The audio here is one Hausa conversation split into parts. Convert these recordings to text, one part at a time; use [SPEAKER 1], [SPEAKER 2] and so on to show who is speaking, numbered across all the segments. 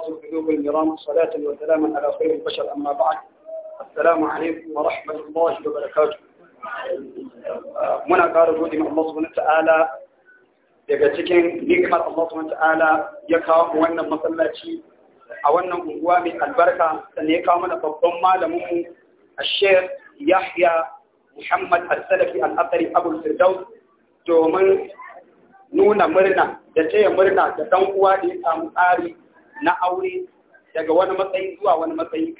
[SPEAKER 1] وذوات القلوب المرام صلاة وسلاما على خير البشر أما بعد السلام عليكم ورحمة الله وبركاته muna ƙara gode ma Allah subhanahu ta'ala daga cikin nikmar Allah subhanahu ta'ala ya kawo mu wannan masallaci a wannan unguwa mai albarka sannan ya kawo mana babban malamin mu Sheikh Yahya Muhammad Al-Salafi Al-Athari Abu Firdaus domin nuna murna da taya murna da dan uwa da ya samu tsari na aure daga wani matsayi zuwa wani matsayi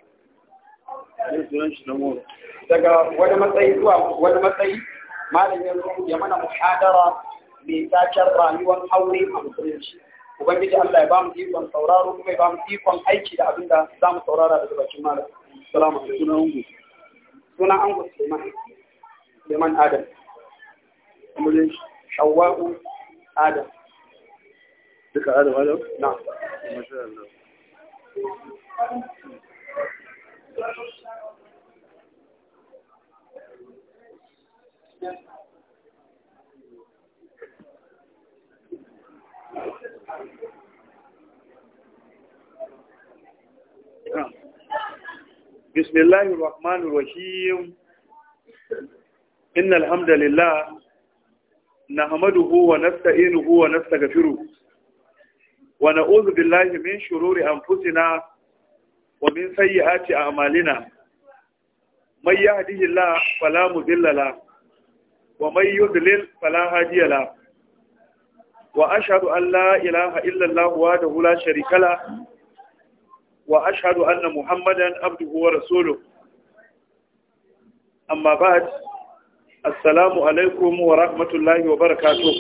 [SPEAKER 1] daga wani matsayi zuwa wani matsayi malam ya ya mana muhadara mai tashar rayuwar aure a musulunci ubangiji Allah ya ba mu ikon sauraro kuma ya ba mu ikon aiki da abinda za mu saurara daga bakin malam salamu alaikum sunan angu sunan angu Suleiman Suleiman Adam Shawwa'u Adam
[SPEAKER 2] ألو ألو نعم بسم الله الرحمن الرحيم إن الحمد لله نحمده ونستعينه ونستغفره ونعوذ بالله من شرور أنفسنا ومن سيئات أعمالنا من يهده الله فلا مذل له ومن يذلل فلا هادي له وأشهد أن لا إله إلا الله وحده لا شريك له وأشهد أن محمدا عبده ورسوله أما بعد السلام عليكم ورحمة الله وبركاته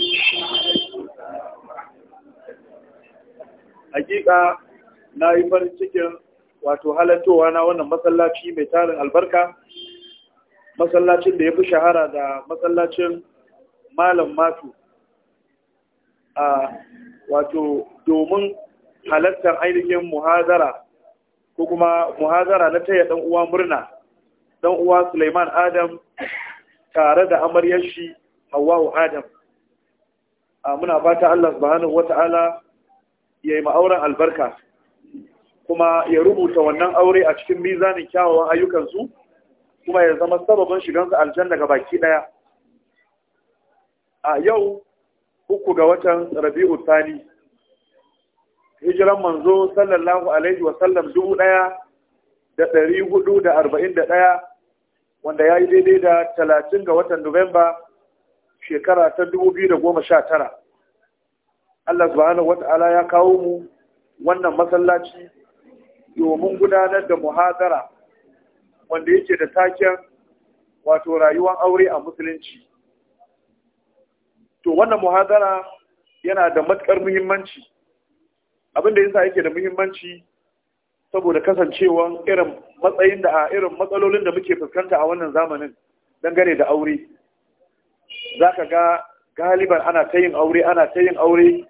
[SPEAKER 2] hakika na yi farin cikin wato halattowa na wannan masallaci mai tarin albarka masallacin da ya fi shahara da masallacin malam matu a wato domin halattar ainihin muhazara ko kuma muhazara na taya dan uwa murna dan uwa Suleiman Adam tare da amaryar shi Hawwa Adam a muna fata Allah subhanahu wata'ala ya yi ma'auren albarka kuma ya rubuta wannan aure a cikin mizanin kyawawan ayyukansu kuma ya zama sababin shigansu aljanna ga baki ɗaya a yau uku ga watan rabi'u Sani, hijiran manzo sallallahu alaihi wasallam dubu ɗaya da ɗari hudu da arba'in da ɗaya wanda ya yi daidai da talatin ga watan nuwamba shekara ta dubu biyu da goma sha tara Allah subhanahu wata'ala ya kawo mu wannan masallaci domin gudanar da muhadara wanda yake da taken wato rayuwar aure a musulunci to wannan muhadara yana da matukar muhimmanci abinda yasa yake da muhimmanci saboda kasancewa irin matsayin da a irin matsalolin da muke fuskanta a wannan zamanin dangane da aure zaka ga galiban ana ta yin aure ana ta yin aure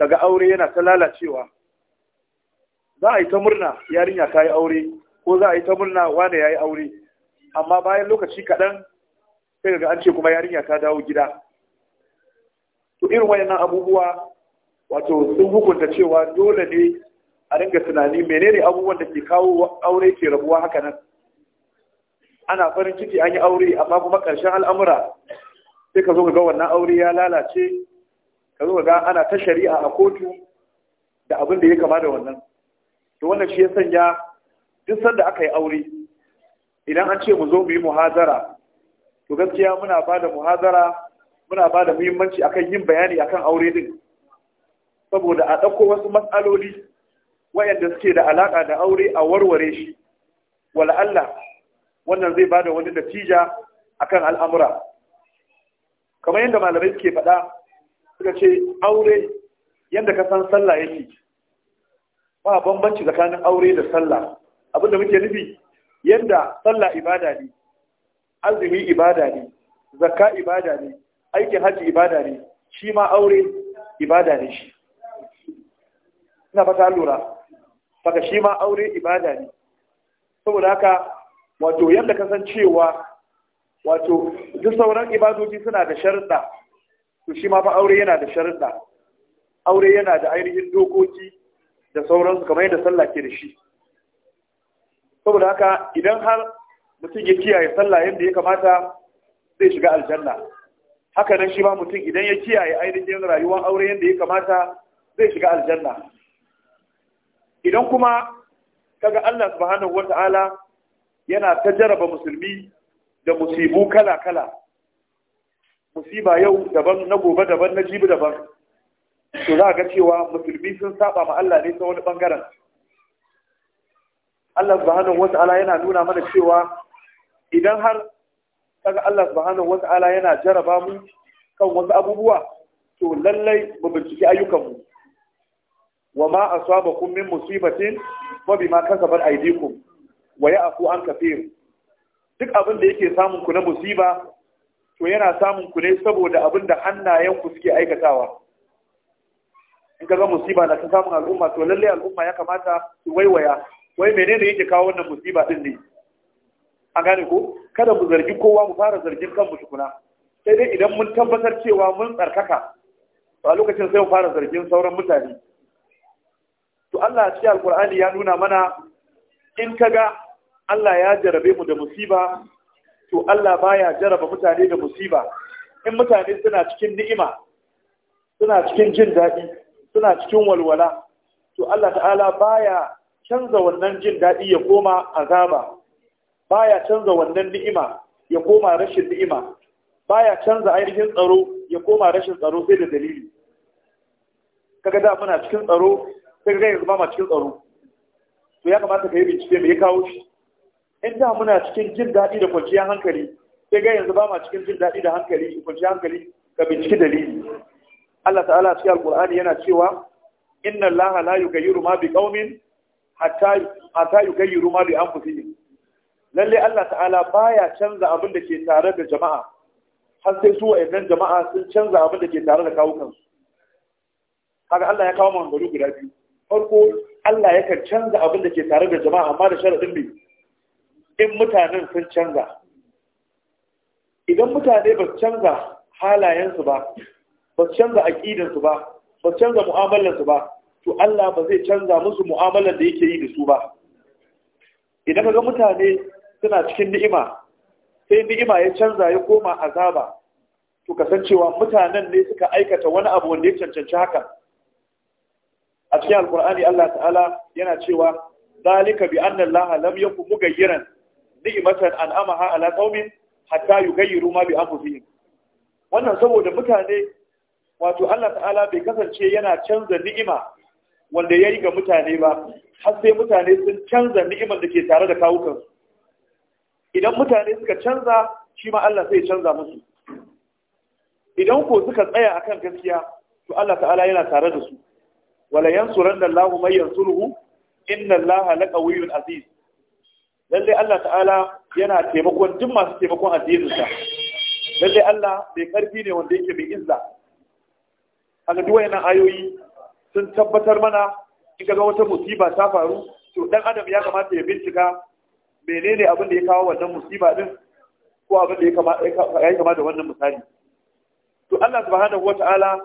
[SPEAKER 2] Daga aure yana ta lalacewa za a yi ta murna yarinya ta yi aure ko za a yi ta murna wane ya yi aure amma bayan lokaci kaɗan sai ga an ce kuma yarinya ta dawo gida to irin wayannan abubuwa wato sun hukunta cewa dole ne a dinga tunani menene abubuwan da ke kawo aure ke rabuwa haka nan ana farin ciki an yi aure amma kuma ƙarshen al'amura sai ka zo ga wannan aure ya lalace ka ga ana ta shari'a a kotu da abin da ya kama da wannan to wannan shi ya sanya duk sanda aka yi aure idan an ce mu zo mu yi muhazara to gaskiya muna ba da muhazara muna ba da muhimmanci akan yin bayani akan aure din saboda a ɗauko wasu matsaloli wayanda suke da alaƙa da aure a warware shi wala Allah wannan zai ba da wani natija akan al'amura kamar yadda malamai suke faɗa suka ce aure yadda ka san sallah yake ba bambanci tsakanin aure da sallah abinda muke nufi yadda sallah ibada ne azumi ibada ne zakka ibada ne aikin hajji ibada ne shi ma aure ibada ne shi ina fata lura saka shi ma aure ibada ne saboda haka wato yadda kasancewa wato duk sauran ibadoji suna da sharuɗa to shi ma fa aure yana da sharuɗa aure yana da ainihin dokoki da sauransu kamar yadda sallah ke da shi saboda haka idan har mutum ya kiyaye sallah yadda ya kamata zai shiga aljanna haka nan shi ma mutum idan ya kiyaye ainihin rayuwar aure yadda ya kamata zai shiga aljanna idan kuma kaga Allah subhanahu wata'ala yana ta jaraba musulmi da musibu kala-kala musiba yau daban na gobe daban na jibi daban to za ga cewa musulmi sun saba ma Allah ne ta wani bangaren Allah subhanahu wata'ala yana nuna mana cewa idan har kaga Allah subhanahu wata'ala yana jaraba mu kan wasu abubuwa to lallai mu binciki ayyukanmu wa ma asabakum min musibatin fa bima kasabat aydikum wa ya'fu an kafir duk abin da yake samun ku na musiba to yana samun ku ne saboda abin da hannayen ku suke aikatawa in ka ga musiba na ta samun al'umma to lalle al'umma ya kamata su waiwaya wai menene yake kawo wannan musiba din ne an gane ko kada mu zargi kowa mu fara zargin kanmu tukuna sai dai idan mun tabbatar cewa mun tsarkaka to a lokacin sai mu fara zargin sauran mutane to Allah a cikin alkur'ani ya nuna mana in ka ga. Allah ya jarabe mu da musiba to Allah baya jaraba mutane da musiba in mutane suna cikin ni'ima suna cikin jin daɗi suna cikin walwala to Allah ta'ala baya canza wannan jin daɗi ya koma azaba baya canza wannan ni'ima ya koma rashin ni'ima baya canza ainihin tsaro ya koma rashin tsaro sai da dalili kaga da muna cikin tsaro sai ga yanzu ba ma cikin tsaro to ya kamata ka yi bincike me ya kawo shi in da muna cikin jin daɗi da kwanciyar hankali sai ga yanzu ba ma cikin jin daɗi da hankali kwanciyar hankali ka binciki dalili Allah ta'ala cikin alƙur'ani yana cewa inna Allah la yughayyiru ma biqaumin hatta hatta yughayyiru ma bi anfusihim lalle Allah ta'ala baya canza abin da ke tare da jama'a har sai su wayannan jama'a sun canza abin da ke tare da kawukansu Haka Allah ya kawo gari guda biyu farko Allah yakan canza abin da ke tare da jama'a amma da sharadin bai in mutanen sun canza idan mutane ba su canza halayensu ba ba su canza aƙidansu ba ba su canza mu'amalansu ba to Allah ba zai canza musu mu'amalan da yake yi da su ba idan ka ga mutane suna cikin ni'ima sai ni'ima ya canza ya koma azaba to kasancewa mutanen ne suka aikata wani abu wanda ya cancanci haka. a cikin alkur'ani Allah ta'ala yana cewa zalika bi anna Allah lam yakun giran ni'matan an'amaha ala qaumin hatta yughayyiru ma bi anfusihim wannan saboda mutane wato Allah ta'ala bai kasance yana canza ni'ima wanda yayi ga mutane ba har sai mutane sun canza ni'imar da ke tare da kawukan idan mutane suka canza shi ma Allah zai canza musu idan ko suka tsaya akan gaskiya to Allah ta'ala yana tare da su wala yansuranna Allahu may yansuruhu inna Allaha laqawiyyun aziz lallai Allah ta'ala yana taimakon duk masu taimakon addininsa lallai Allah mai karfi ne wanda yake mai izza haka duk wayannan ayoyi sun tabbatar mana in ga wata musiba ta faru to dan adam ya kamata ya bincika menene abin da ya kawo wannan musiba din ko abin da ya kama da wannan misali to Allah subhanahu wata'ala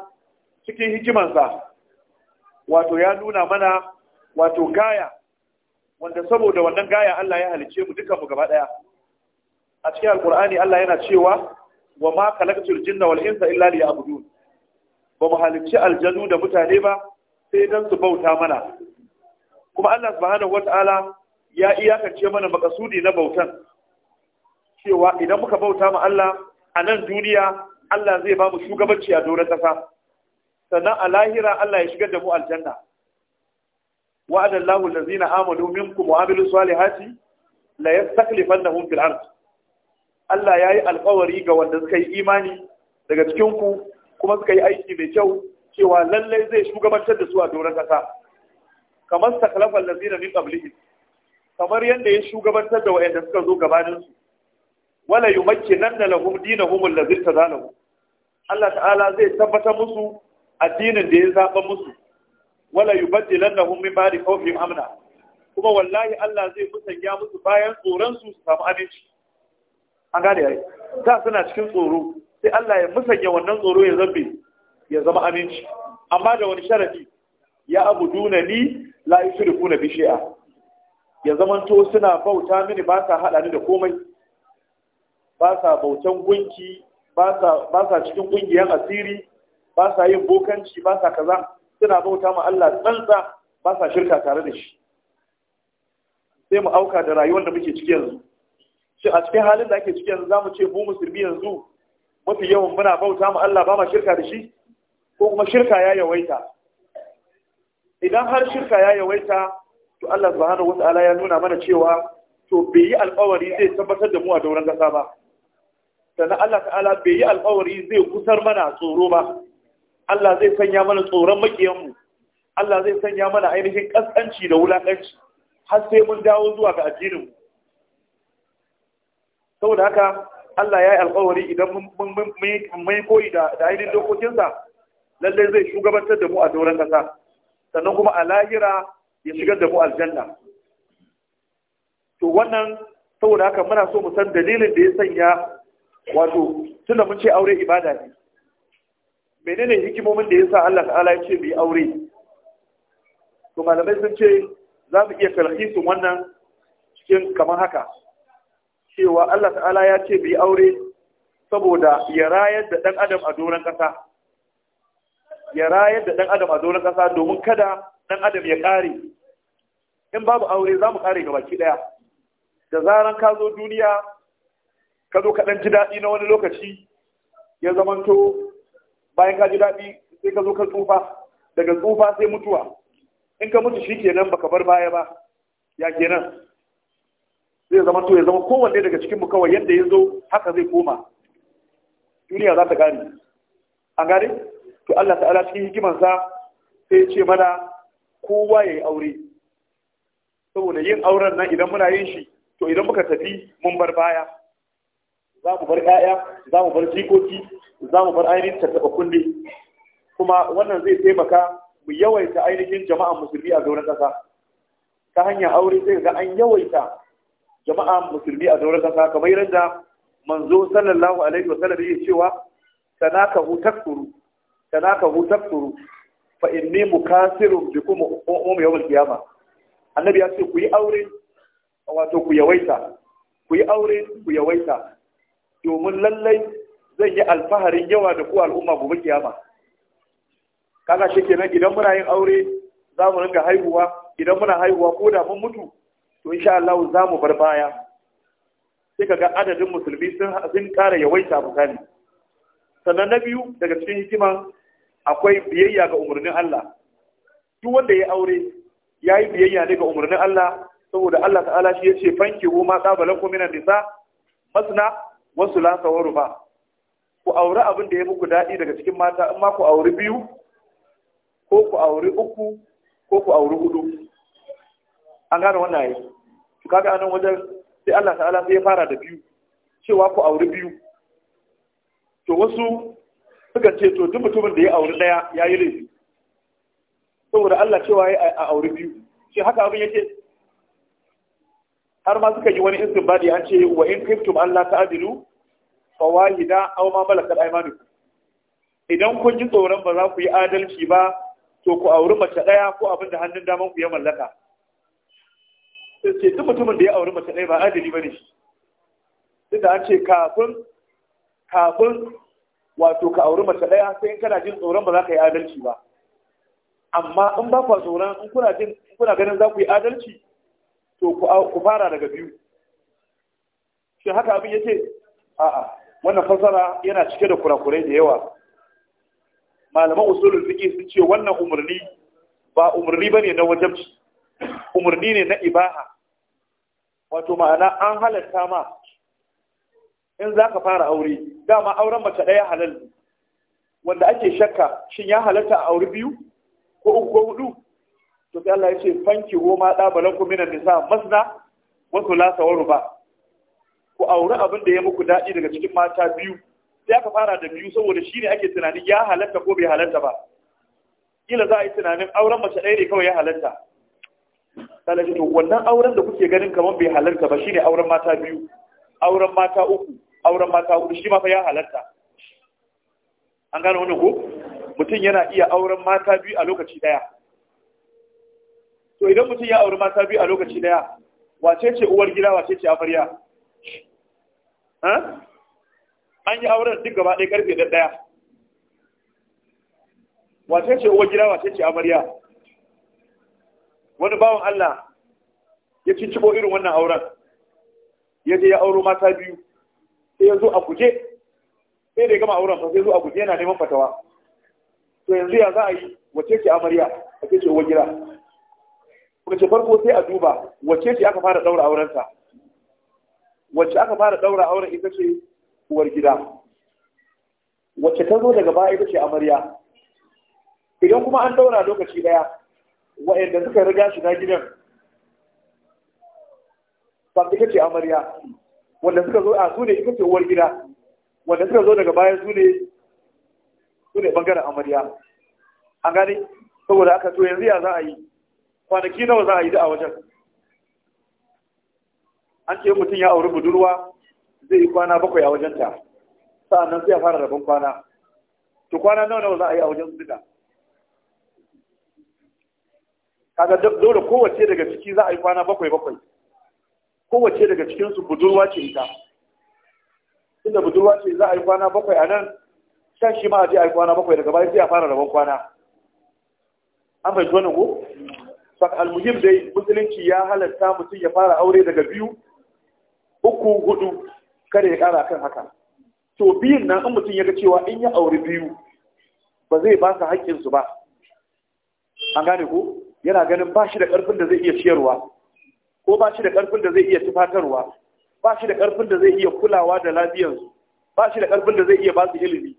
[SPEAKER 2] cikin hikimansa wato ya nuna mana wato gaya wanda saboda wannan gaya Allah ya halice mu duka mu gaba daya a cikin alqur'ani Allah yana cewa wa ma khalaqtul jinna wal insa illa liya'budun ba mu halicci aljanu da mutane ba sai dan su bauta mana kuma Allah subhanahu wataala ya iyakance mana makasudi na bautan cewa idan muka bauta ma Allah a nan duniya Allah zai ba mu shugabanci a doron kasa sannan a lahira Allah ya shigar da mu aljanna وعد الله الذين آمنوا منكم wa الصالحات salihati يستخلفنهم في الأرض الله Allah القوري alƙawari ga wanda suka yi imani daga cikin ku kuma suka yi aiki mai kyau cewa lallai zai shugabantar da su a doron kasa kamar sakalafan allazina min qablihi kamar yadda ya shugabantar da wayanda suka zo gabanin su wala yumakkinanna lahum dinahum allazi tadalahu Allah ta'ala zai tabbatar musu addinin da ya zaba musu wala yubaddilannahum min ba'di khawfihim amna kuma wallahi Allah zai musanya musu bayan tsoron su su samu aminci an gane yayi da suna cikin tsoro sai Allah ya musanya wannan tsoro ya zabe ya zama aminci amma da wani sharadi ya abuduna ni la yushrikuna bi shay'a ya zamanto suna bauta mini ba sa hada ni da komai ba sa bautan gunki ba sa cikin ƙungiyar asiri ba sa yin bokanci ba sa kaza suna bauta ma Allah tsantsa ba sa shirka tare da shi sai mu auka da rayuwar da muke ciki yanzu shi a cikin halin da ake ciki yanzu zamu ce mu musulmi yanzu mafi yawan muna bauta ma Allah ba ma shirka da shi ko kuma shirka ya yawaita idan har shirka ya yawaita to Allah subhanahu wata'ala ya nuna mana cewa to bai yi alƙawari zai tabbatar da mu a dauran gasa ba sannan Allah ta'ala bai yi alƙawari zai kusar mana tsoro ba Allah zai sanya mana tsoron makiyanmu Allah zai sanya mana ainihin ƙasƙanci da wulaƙanci. har sai mun dawo zuwa ga addininmu saboda haka Allah ya yi alƙawari idan mun koyi da ainihin dokokinsa lallai zai shugabantar da mu a doron ƙasa, sannan kuma a lahira ya shigar da mu aljanna to wannan saboda haka muna so mu san dalilin da ya sanya wato tunda mun ce aure ibada ne menene hikimomin da yasa Allah ta'ala ya ce mu aure to malamai sun ce za mu iya talhisu wannan cikin kamar haka cewa Allah ta'ala ya ce mu yi aure saboda ya rayar da dan adam a doron kasa ya rayar da dan adam a doron kasa domin kada dan adam ya kare in babu aure za mu kare gabaki daya da zaran ka zo duniya ka zo ka dan ji daɗi na wani lokaci ya zamanto bayan ka ji daɗi sai ka zo ka tsufa daga tsufa sai mutuwa in ka mutu shi kenan baka bar baya ba ya kenan zai zama to ya zama kowanne daga cikin mu kawai yadda ya zo haka zai koma duniya za ta gane an gane to Allah ta'ala cikin hikimansa sai ya ce mana kowa ya yi aure saboda yin auren nan idan muna yin shi to idan muka tafi mun bar baya za mu bar 'ya'ya za mu bar jikoki za mu bar ainihin tattaba kunne kuma wannan zai taimaka mu yawaita ainihin jama'an musulmi a zauren ƙasa ta hanyar aure sai ga an yawaita jama'an musulmi a zauren ƙasa kamar yadda manzo sallallahu alaihi wa sallam yake cewa sanaka hu turu sanaka hu turu fa inni mukasirun bikum um yawm qiyamah annabi ya ce ku yi aure wato ku yawaita ku yi aure ku yawaita domin lallai zan yi alfaharin yawa da ko al'umma gobe kiyama kaga shi kenan idan muna yin aure za mu ringa haihuwa idan muna haihuwa ko da mun mutu to insha Allah za mu bar baya sai kaga adadin musulmi sun sun yawaita yawaita bukani sannan na biyu daga cikin hikiman akwai biyayya ga umarnin Allah duk wanda ya yi aure ya yi biyayya ne ga umarnin Allah saboda Allah ta'ala shi ya ce fanki ma tsabalan ku minan nisa masna wasu lasa waru ruba ku auri abin da ya muku daɗi daga cikin mata in ma ku auri biyu ko ku auri uku ko ku auri hudu an gane wannan yi su kaga anan wajen sai Allah ta'ala sai ya fara da biyu cewa ku auri biyu to wasu suka ce to duk mutumin da ya auri daya ya yi laifi saboda Allah cewa ya a auri biyu shi haka abin yake har ma suka yi wani istinbadi an ce wa in kuntum Allah ta'dilu wahida aw ma malakat aymanukum idan kun ji tsoron ba za ku yi adalci ba to ku auri mace daya ko abin da hannun daman ku ya mallaka sai duk mutumin da ya auri mace daya ba adali bane shi sai da an ce kafin kafin wato ka auri mace daya sai in kana jin tsoron ba za ka yi adalci ba amma in ba ku tsoron in kuna jin kuna ganin za ku yi adalci to ku fara daga biyu shi haka abin yake a'a wannan fasara yana cike da kurakurai da yawa malaman usulun fiqh sun ce wannan umarni ba umarni bane na wajibci umarni ne na ibaha wato ma'ana an halatta ma in zaka fara aure dama auren mace daya halal wanda ake shakka shin ya halatta a aure biyu ko uku ko hudu to sai Allah ya ce fanki goma da balanku minan nisa masna wa thulatha wa ruba ku auri abin da ya muku daɗi daga cikin mata biyu sai aka fara da biyu saboda shine ake tunanin ya halatta ko bai halatta ba kila za a yi tunanin auren mace ɗaya ne kawai ya halatta sai to wannan auren da kuke ganin kamar bai halatta ba shine auren mata biyu auren mata uku auren mata uku shi ma fa ya halatta an gano wannan ko mutum yana iya auren mata biyu a lokaci daya to idan mutum ya auri mata biyu a lokaci daya wace ce uwar gida wace ce amarya an yi auren duk gaba ɗaya karfe ɗan ɗaya wace ce uwar gida wace ce amarya wani bawan Allah ya cincibo irin wannan auren ya je ya auro mata biyu sai ya zo a guje sai da ya gama auren ba sai zo a guje yana neman fatawa to yanzu ya za a yi wace ce amarya wace ce uwar gida wace farko sai a duba wacce ce aka fara daura aurensa? wacce aka fara daura auren ita ce uwar gida wacce ta zo daga baya ita ce amarya idan kuma an daura lokaci daya wa'anda suka riga shi na gidan ba ita ce amarya wanda suka zo a su ne ita ce uwar gida wanda suka zo daga baya su ne su ne bangaren amarya an gane saboda aka to yanzu ya za a yi kwanaki nawa za a yi da a wajen an ce mutum ya auri budurwa zai yi kwana bakwai a wajenta sa'annan sai ya fara rabon kwana to kwana nawa nawa za a yi a wajen su Kada kaga dole kowace daga ciki za a yi kwana bakwai bakwai kowace daga cikinsu budurwa ce ita inda budurwa ce za a yi kwana bakwai a nan shan shi ma a je a yi kwana bakwai daga bayan sai a fara rabon kwana an bai zo ko almuhim dai musulunci ya halatta mutum ya fara aure daga biyu uku hudu kada ya kara kan haka to biyun nan in mutum ya ga cewa in ya aure biyu ba zai ba su haƙƙinsu ba an gane ko yana ganin ba shi da ƙarfin da zai iya ciyarwa ko ba shi da ƙarfin da zai iya tufatarwa ba shi da ƙarfin da zai iya kulawa da su ba shi da ƙarfin da zai iya ba su ilimi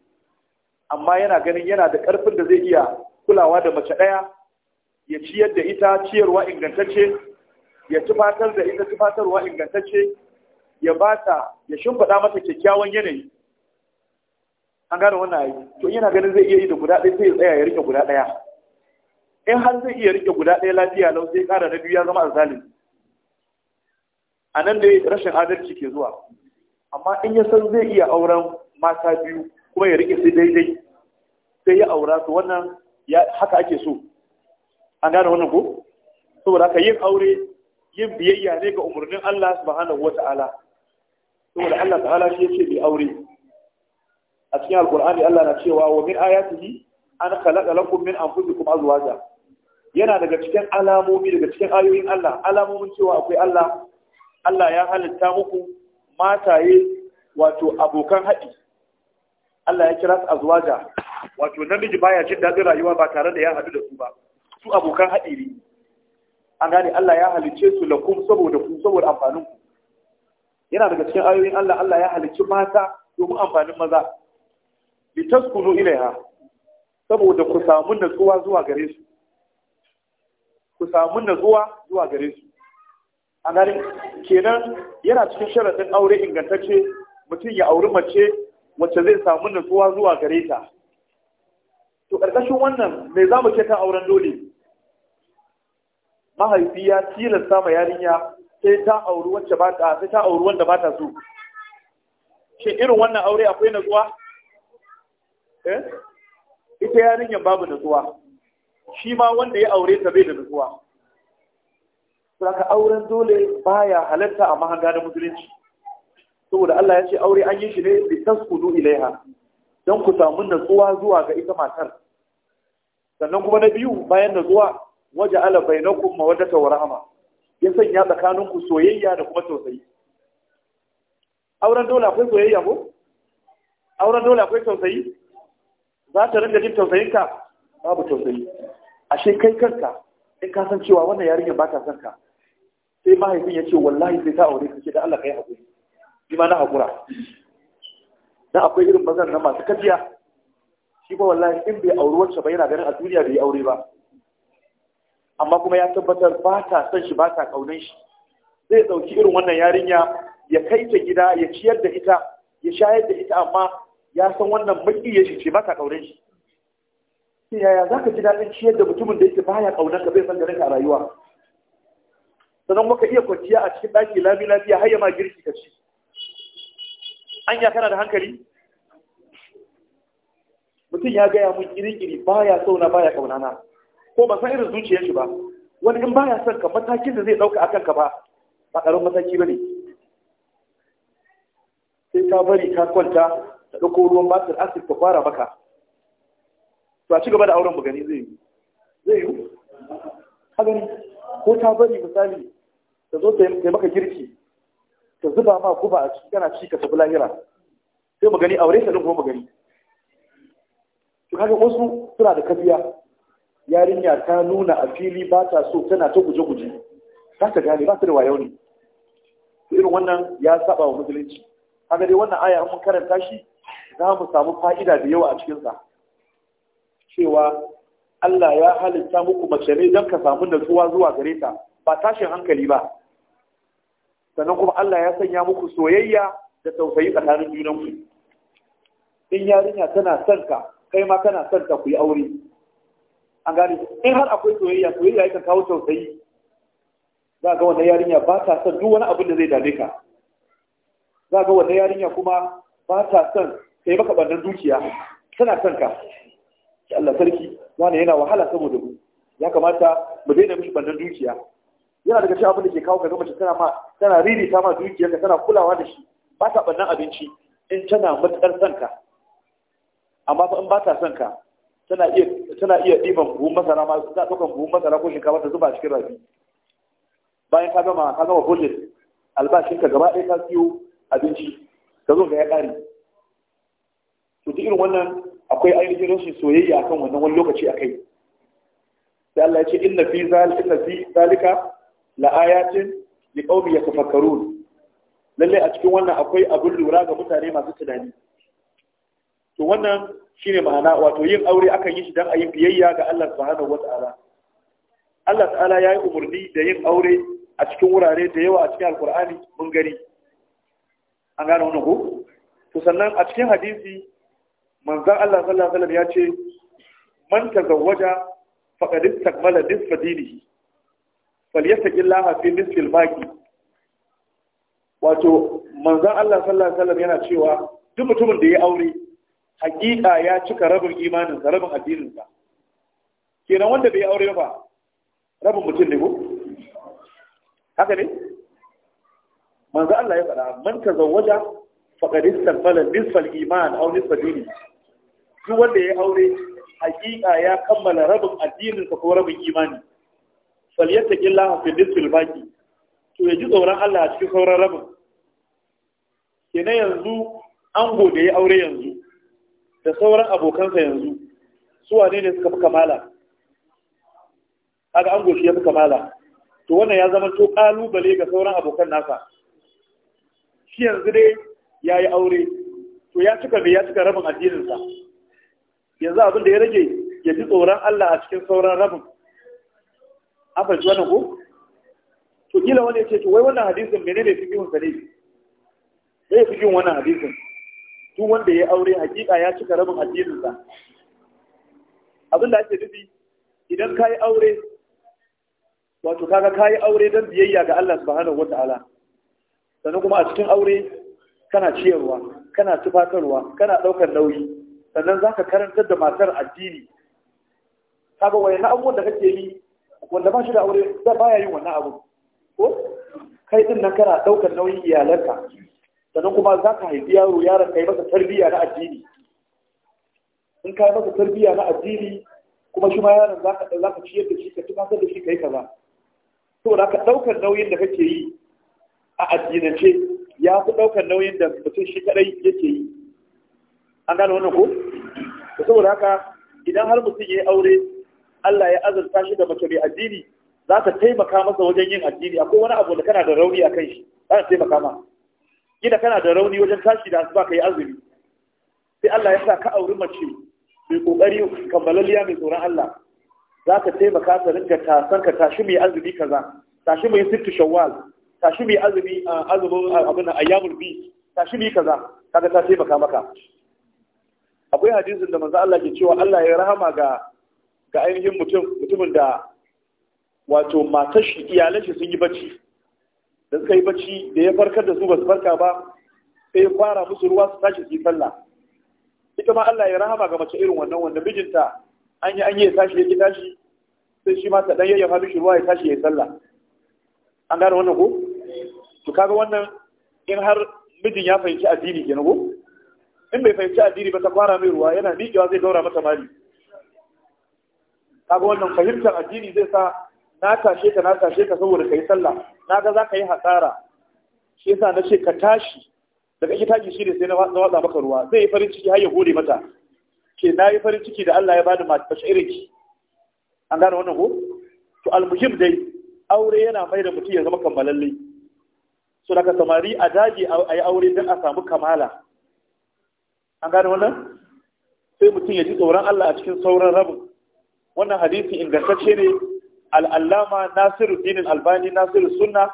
[SPEAKER 2] amma yana ganin yana da ƙarfin da zai iya kulawa da mace ɗaya ya ciyar da ita ciyarwa ingantacce ya tufatar da ita tufatarwa ingantacce ya ba ta ya shimfiɗa mata kyakkyawan yanayi an gane wannan ayi to yana ganin zai iya yi da guda ɗaya sai ya tsaya ya rike guda ɗaya in har zai iya rike guda ɗaya lafiya lau sai ƙara na biyu ya zama azalimi a nan dai rashin adalci ke zuwa amma in ya san zai iya auren mata biyu kuma ya rike sai daidai sai ya aura su, wannan haka ake so an gane wannan ko saboda haka yin aure yin biyayya ne ga umarnin Allah subhanahu wata'ala
[SPEAKER 1] saboda Allah ta'ala shi
[SPEAKER 2] yake bi aure a cikin alkur'ani Allah na cewa wa min ayatihi an khalaqa lakum min anfusikum azwaja yana daga cikin alamomi daga cikin ayoyin Allah alamomin cewa akwai Allah Allah ya halitta muku mataye wato abokan haɗi Allah ya kira su azwaja wato namiji baya cin daɗin rayuwa ba tare da ya haɗu da su ba su abokan haɗi ne an gane Allah ya halicce su kuma saboda kuma saboda amfanin ku yana daga cikin ayoyin Allah Allah ya halicce mata domin amfanin maza litaskunu ilaiha saboda ku samu natsuwa zuwa gare su ku samu natsuwa zuwa gare su an gane kenan yana cikin sharaɗin aure ingantacce mutum ya auri mace wacce zai samu natsuwa zuwa gare ta to ƙarƙashin wannan me za mu ce kan auren dole mahaifi ya tilasta ma yarinya sai ta auri wacce ba ta sai ta auri wanda ba ta so shi irin wannan aure akwai natsuwa eh ita yarinyar babu natsuwa shi ma wanda ya aure ta bai da natsuwa saka auren dole baya halatta a mahanga da musulunci saboda Allah ya ce aure an yi shi ne bi tasqudu ilaiha don ku samu natsuwa zuwa ga ita matar sannan kuma na biyu bayan natsuwa waje ala bainakum mawaddata wa rahma ya sanya tsakaninku soyayya da kuma tausayi auren dole akwai soyayya ko auren dole akwai tausayi za ta rinka jin tausayin ka babu tausayi ashe kai kanka in ka san cewa wannan yarinya ba ta son ka sai mahaifin ya ce wallahi sai ta aure ka ce da Allah kai hakuri shi ma na hakura dan akwai irin mazan na masu kajiya shi ba wallahi in bai auri wacce ba yana ganin a duniya bai aure ba amma kuma ya tabbatar ba ta son shi ba ta kaunan shi zai dauki irin wannan yarinya ya kai ta gida ya ciyar da ita ya shayar da ita amma ya san wannan mulki ya ce ba ta kaunan shi sai yaya za ka ji daɗin ciyar da mutumin da yake baya kaunan ka bai san garin ka a rayuwa sannan muka iya kwanciya a cikin ɗaki lami lafiya har ya ma girki ka ci anya kana da hankali mutum ya gaya mun iri-iri baya sauna baya kaunana ko ba san irin zuciyar shi ba wani in baya son ka matakin da zai dauka akan ka ba ba karon mataki bane sai ka bari ka kwanta ta dauko ruwan batir asir ka fara maka to a ci gaba da auren mu gani zai yi zai yi gani, ko ta bari misali ta zo ta maka girki ta zuba ma guba a cikin kana ci ka tafi lahira sai mu gani aure ta din kuma mu gani to kaga wasu suna da kafiya yarinya ta nuna a fili ba ta so tana ta guje-guje Ta ta gane ba ta da wayo ne irin wannan ya saba wa musulunci haka dai wannan aya mun karanta shi za mu samu fa'ida da yawa a cikinsa cewa Allah ya halitta muku mace ne don ka samu natsuwa zuwa gare ta ba tashin hankali ba sannan kuma Allah ya sanya muku soyayya da tausayi tsakanin junanku in yarinya tana son ka kai ma kana son ka ku yi aure an gane in har akwai soyayya soyayya yakan kawo tausayi za ga wannan yarinya ba ta son duk wani abin da zai dame ka za ga wannan yarinya kuma ba ta son ka yi maka bannan dukiya tana son ka shi Allah sarki wani yana wahala saboda mu ya kamata mu daina mishi bannan dukiya yana daga cikin abin da ke kawo ga mace tana ma tana riri ta ma dukiyar ka tana kulawa da shi ba ta bannan abinci in tana matukar son ka amma in ba ta son ka tana iya tana iya ɗiban buhun masara ma za a ɗaukan buhun masara ko shinkafa ta zuba cikin rafi bayan ka gama ka gama budget albashin ka gaba ɗaya ka siyo abinci ka zo ga ya ƙare to duk irin wannan akwai ainihin rashin soyayya akan wannan wani lokaci kai sai Allah ya ce inna fi zalika fi zalika la ayatin li qaumi yatafakkarun lalle a cikin wannan akwai abin lura ga mutane masu tunani to wannan shine ma'ana wato yin aure akan yi shi dan a yi biyayya ga Allah subhanahu wata'ala Allah ta'ala ya yi umarni da yin aure a cikin wurare da yawa a cikin alqur'ani mun gani an gane wannan ko to sannan a cikin hadisi manzan Allah sallallahu alaihi wasallam ya ce man tazawwaja faqad istakmala nisfa dinihi falyattaqillaha fi nisfi al-baqi wato manzan Allah sallallahu alaihi wasallam yana cewa duk mutumin da ya aure hakika ya cika rabin sa rabin addininsa kenan wanda bai aure ba rabin mutum ne ko haka ne manzo Allah ya faɗa man zawaja faqad istaqbala nisfal iman aw nisfal dini duk wanda ya aure hakika ya kammala rabin addininsa ko rabin imani falyattaqillaha fi nisfil baqi to ya ji tsoron Allah a cikin sauran rabin kenan yanzu an gode ya aure yanzu da sauran abokansa yanzu su wane ne suka fi kamala aga an goshi ya fi kamala to wannan ya zama to kalubale ga sauran abokan nasa shi yanzu dai ya yi aure to ya cika mai ya cika rabin addininsa yanzu abin da ya rage ya ji tsoron Allah a cikin sauran rabin an fahimci wannan ko to kila wani ya ce to wai wannan hadisin menene yi sa ne zai fikihun wannan hadisin duk wanda ya aure hakika ya cika rabin addininsa abin da ake nufi idan ka yi aure wato kaga ka yi aure don biyayya ga Allah subhanahu wata'ala sannan kuma a cikin aure kana ciyarwa kana tufatarwa kana ɗaukar nauyi sannan za ka karantar da matar addini kaga na abubuwan da kake yi wanda ba shi da aure ba ya yin wannan abu ko kai din nan kana ɗaukar nauyin iyalanka sannan kuma za ka haifi yaro yaron ka yi masa tarbiyya na addini in ka yi masa tarbiyya na addini kuma shi ma yaron za ka za ka ciyar da shi ka tunatar da shi kai yi kaza saboda ka ɗaukar nauyin da kake yi a addinance ya fi ɗaukar nauyin da mutum shi kaɗai yake yi an gane wannan ko saboda haka idan har mutum ya yi aure Allah ya azurta shi da mace mai addini za ta taimaka masa wajen yin addini akwai wani abu da kana da rauni a kan shi za ta taimaka ma kila kana da rauni wajen tashi da asuba kai azumi sai Allah ya sa ka auri mace mai kokari kamalaliya mai tsoron Allah za ka taimaka ta rinka tasan ka tashi mai azumi kaza tashi mai sittu shawwal tashi mai azumi azumin abin ayyamul bi tashi mai kaza kaga ta taimaka maka akwai hadisin da manzo Allah ke cewa Allah ya rahama ga ga ainihin mutum mutumin da wato matar shi iyalan shi sun yi bacci da suka yi bacci da ya farkar da su ba su farka ba sai ya fara musu ruwa su tashi su yi sallah ita ma Allah ya rahama ga mace irin wannan wanda mijinta an yi an yi tashi ya ki tashi sai shi ma ta dan yayyafa mishi ruwa ya tashi ya yi sallah an gane wannan ko to kaga wannan in har mijin ya fahimci addini kenan ko in bai fahimci addini ba ta fara mai ruwa yana miƙewa zai daura mata mali kaga wannan fahimtar addini zai sa na tashe ka na tashe ka saboda kai sallah na ga za ka yi hasara shi yasa na ce ka tashi daga ita tashi shi ne sai na watsa maka ruwa zai yi farin ciki har ya gode mata ke na yi farin ciki da Allah ya bada mace irin ki an gane wannan ko to almuhim dai aure yana mai da mutum ya zama kammalalle so daga samari a daji a yi aure don a samu kamala an gane wannan sai mutum ya ji tsoron Allah a cikin sauran rabin wannan hadisi ingantacce ne al'allama nasiru dinin albani nasiru suna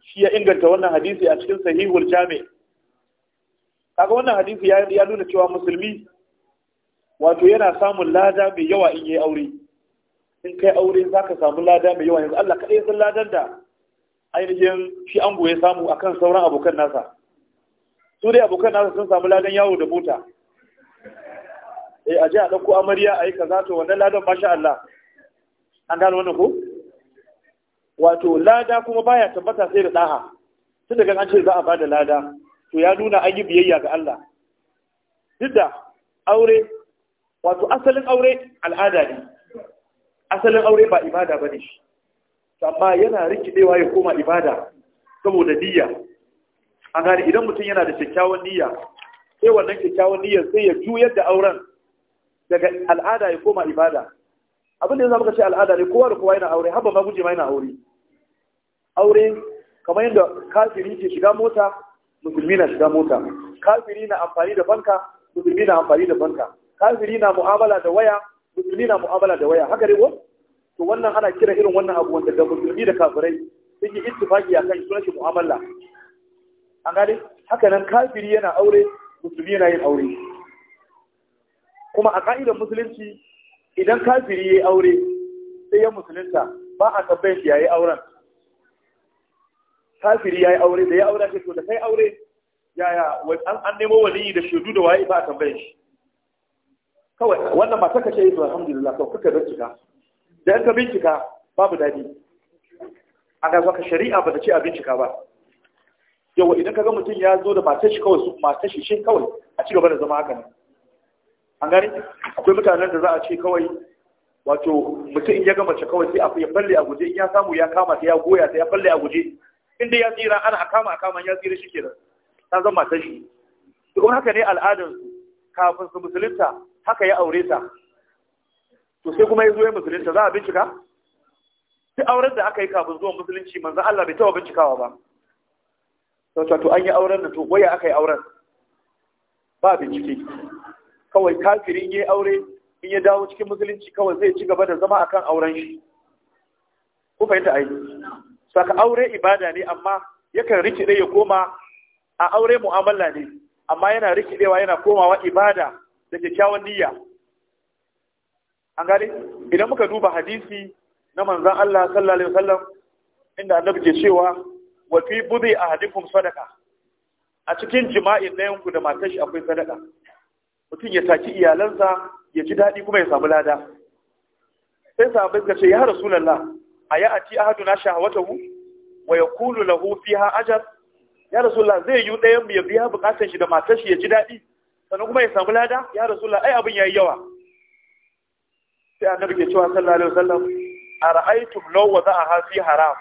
[SPEAKER 2] shi ya inganta wannan hadisi a cikin sahihul jami kaga wannan hadisi ya nuna cewa musulmi wato yana samun lada mai yawa in yi aure in kai aure za ka samu lada mai yawa yanzu Allah kaɗai sun ladan da ainihin shi an goye samu kan sauran abokan nasa su dai abokan nasa sun samu ladan yawo da mota eh, a ji a ɗauko amarya a yi kaza to wannan ladan masha Allah an gano wannan ko wato lada kuma baya tabbata sai da ɗaha tun daga an ce za a bada lada to ya nuna an yi biyayya ga Allah duk da aure wato asalin aure al'ada ne asalin aure ba ibada ba ne shi amma yana rikidewa ya koma ibada saboda niyya an gane idan mutum yana da kyakkyawan niyya sai wannan kyakkyawan niyyar sai ya juyar da auren daga al'ada ya koma ibada abin da ya zama ce al'ada ne kowa da kowa yana aure haba ma guje ma yana aure aure kamar yadda kafiri ke shiga mota musulmi na shiga mota kafiri na amfani da banka musulmi na amfani da banka kafiri na mu'amala da waya musulmi na mu'amala da waya haka dai ko to wannan ana kira irin wannan abu wanda da musulmi da kafirai sun yi a akan sunan shi mu'amala an gane haka nan kafiri yana aure musulmi yana yin aure kuma a ka'idar musulunci idan kafiri ya yi aure sai ya musulunta ba a shi ya yi auren kafiri ya yi aure da ya aure ake to da kai aure yaya an nemo wani da shaidu da waye ba a tabbai shi kawai wannan ba saka ce to alhamdulillah to kuka bincika da ka bincika babu dadi a ga zaka shari'a ba ta ce a bincika ba yawa idan ka ga mutum ya zo da matashi kawai su matashi shi kawai a ci gaba da zama haka ne an gani, akwai mutanen da za a ce kawai wato mutum in ya gama ce kawai sai a ya falle a guje in ya samu ya kama ta ya goya ta ya falle a guje inda ya tsira ana a kama a kama ya tsira shi kenan ta zama mata shi to kuma haka ne al'adar kafin su musulunta haka ya aure ta to sai kuma ya zo ya musulunta za a bincika sai auren da aka yi kafin zuwa musulunci manzo Allah bai taba bincikawa ba to to an yi auren da to waya aka yi auren ba bincike kawai kafirin ya aure in ya dawo cikin musulunci kawai zai ci gaba da zama akan auren shi ku fahimta ai saka aure ibada ne amma yakan rikide ya koma a aure mu'amala ne amma yana rikidewa yana komawa ibada da kyakkyawan niyya an gane idan muka duba hadisi na manzon Allah sallallahu alaihi wasallam inda annabi ke cewa wa fi a ahadikum sadaqa a cikin jima'in ɗayan ku da matashi akwai sadaka mutum ya taki iyalansa ya ci daɗi kuma ya samu lada sai sahabbai suka ce ya rasu lalla. a ya ati ahaduna shahawatahu wa ya na lahu ha ajar? ya rasu lalla. zai yi ɗayan mu ya biya bukatun shi da matar shi ya ci daɗi sannan kuma ya samu lada ya rasu lalla. ai abin ya yi yawa sai annabi ke cewa sallallahu alaihi wasallam nawa law wada'aha fi haram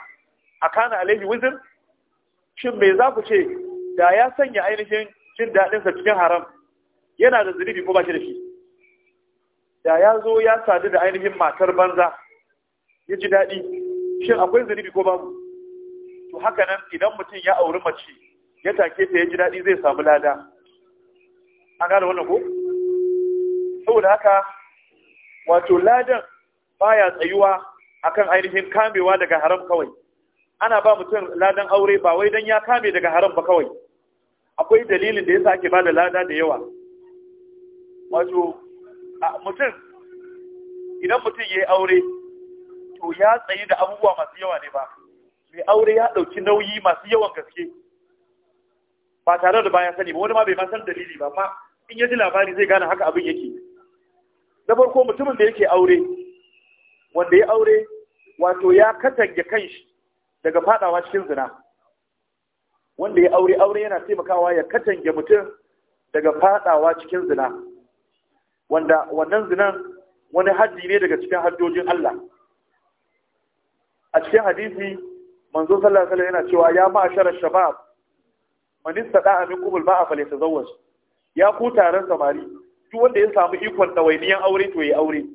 [SPEAKER 2] kana alaihi wuzin? shin me za ku ce da ya sanya ainihin jin daɗinsa cikin haram yana da zunubi ko ba shi da shi da ya zo ya sadu da ainihin matar banza ya ji daɗi shin akwai zunubi ko babu to haka nan idan mutum ya auri mace ya take ta ya ji daɗi zai samu lada an gane wannan ko saboda haka wato ladan baya tsayuwa akan ainihin kamewa daga haram kawai ana ba mutum ladan aure ba wai dan ya kame daga haram ba kawai akwai dalilin da yasa ake ba da lada da yawa wato mutum idan mutum ya yi aure to ya tsayi da abubuwa masu yawa ne ba mai aure ya ɗauki nauyi masu yawan gaske ba tare da bayan sani ba wani ma bai ma dalili ba ma in ya ji labari zai gane haka abin yake na farko mutumin da yake aure wanda ya aure wato ya katange kanshi daga fadawa cikin zina wanda ya aure aure yana taimakawa ya katange mutum daga fadawa cikin zina wanda wannan zinan wani haddi ne daga cikin haddojin Allah a cikin hadisi manzo sallallahu alaihi wasallam yana cewa ya ma'ashara shabab man istata'a ba al-ba'a falyatazawwaj ya ku taron samari duk wanda ya samu ikon dawainiyan aure to yi aure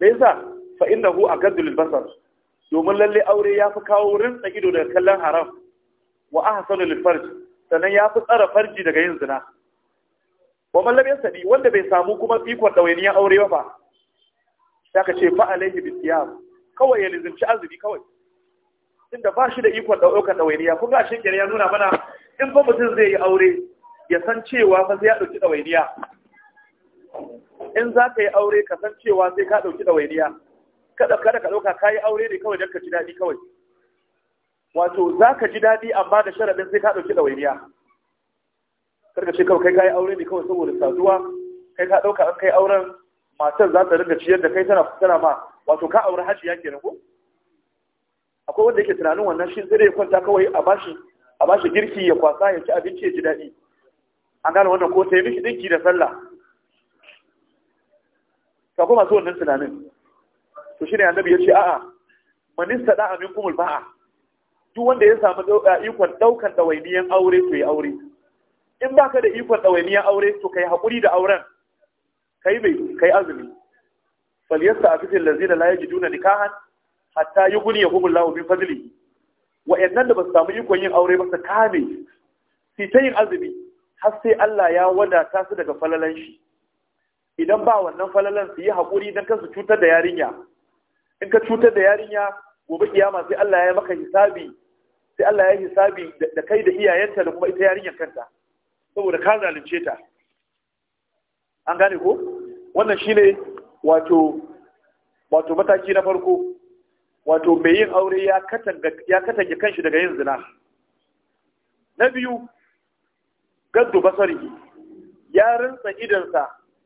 [SPEAKER 2] da yasa fa innahu lil basar domin lalle aure ya fi kawo rinsa ido daga kallon haram wa ahsanu lil farj sannan ya fi tsara farji daga yin zina wa mallam ya sadi wanda bai samu kuma ikon dawainiyan aure ba Ya sai ka ce fa alaihi bisiyam kawai ya lizinci azumi kawai tunda ba shi da ikon ɗaukar ɗawainiya kun ga shi ya nuna mana in ba mutum zai yi aure ya san cewa fa sai ya ɗauki ɗawainiya in za ka yi aure ka san cewa sai ka ɗauki ɗawainiya kada kada ka ɗauka ka yi aure ne kawai don ka ji daɗi kawai wato za ka ji daɗi amma da sharadin sai ka ɗauki ɗawainiya karka ce kawai kai ka yi aure ne kawai saboda saduwa kai ka ɗauka an kai auren matar za ta ringa ciyar da kai tana tana ma wato ka aure hajiya ne ko akwai wanda yake tunanin wannan shi zai kwanta kawai a bashi a bashi girki ya kwasa ya ci abinci ya ji daɗi an gane wannan ko sai miki dinki da sallah ka kuma so wannan tunanin to shine annabi ya ce a'a man istada aminkum al-ba'a duk wanda ya samu ikon daukan dawainiyan aure to ya aure in ka da ikon ɗawainiyar aure to kai haƙuri da auren kai mai kai azumi falyasta a fitin lazi da layaji juna nikahan hatta yi guni ya hukun lahu Wa fadli wa'annan da ba su samu ikon yin aure ba su kame su ta yin azumi har sai Allah ya wadata su daga falalan shi idan ba wannan falalan su yi haƙuri don kansu cutar da yarinya in ka cutar da yarinya gobe kiyama sai Allah ya maka hisabi sai Allah ya hisabi da kai da iyayenta da kuma ita yarinyar kanta saboda ka zalunce ta an gane ko wannan shine wato wato mataki na farko wato mai yin aure ya katange kanshi daga yin zina na biyu gaddu basari ya rinsa idansa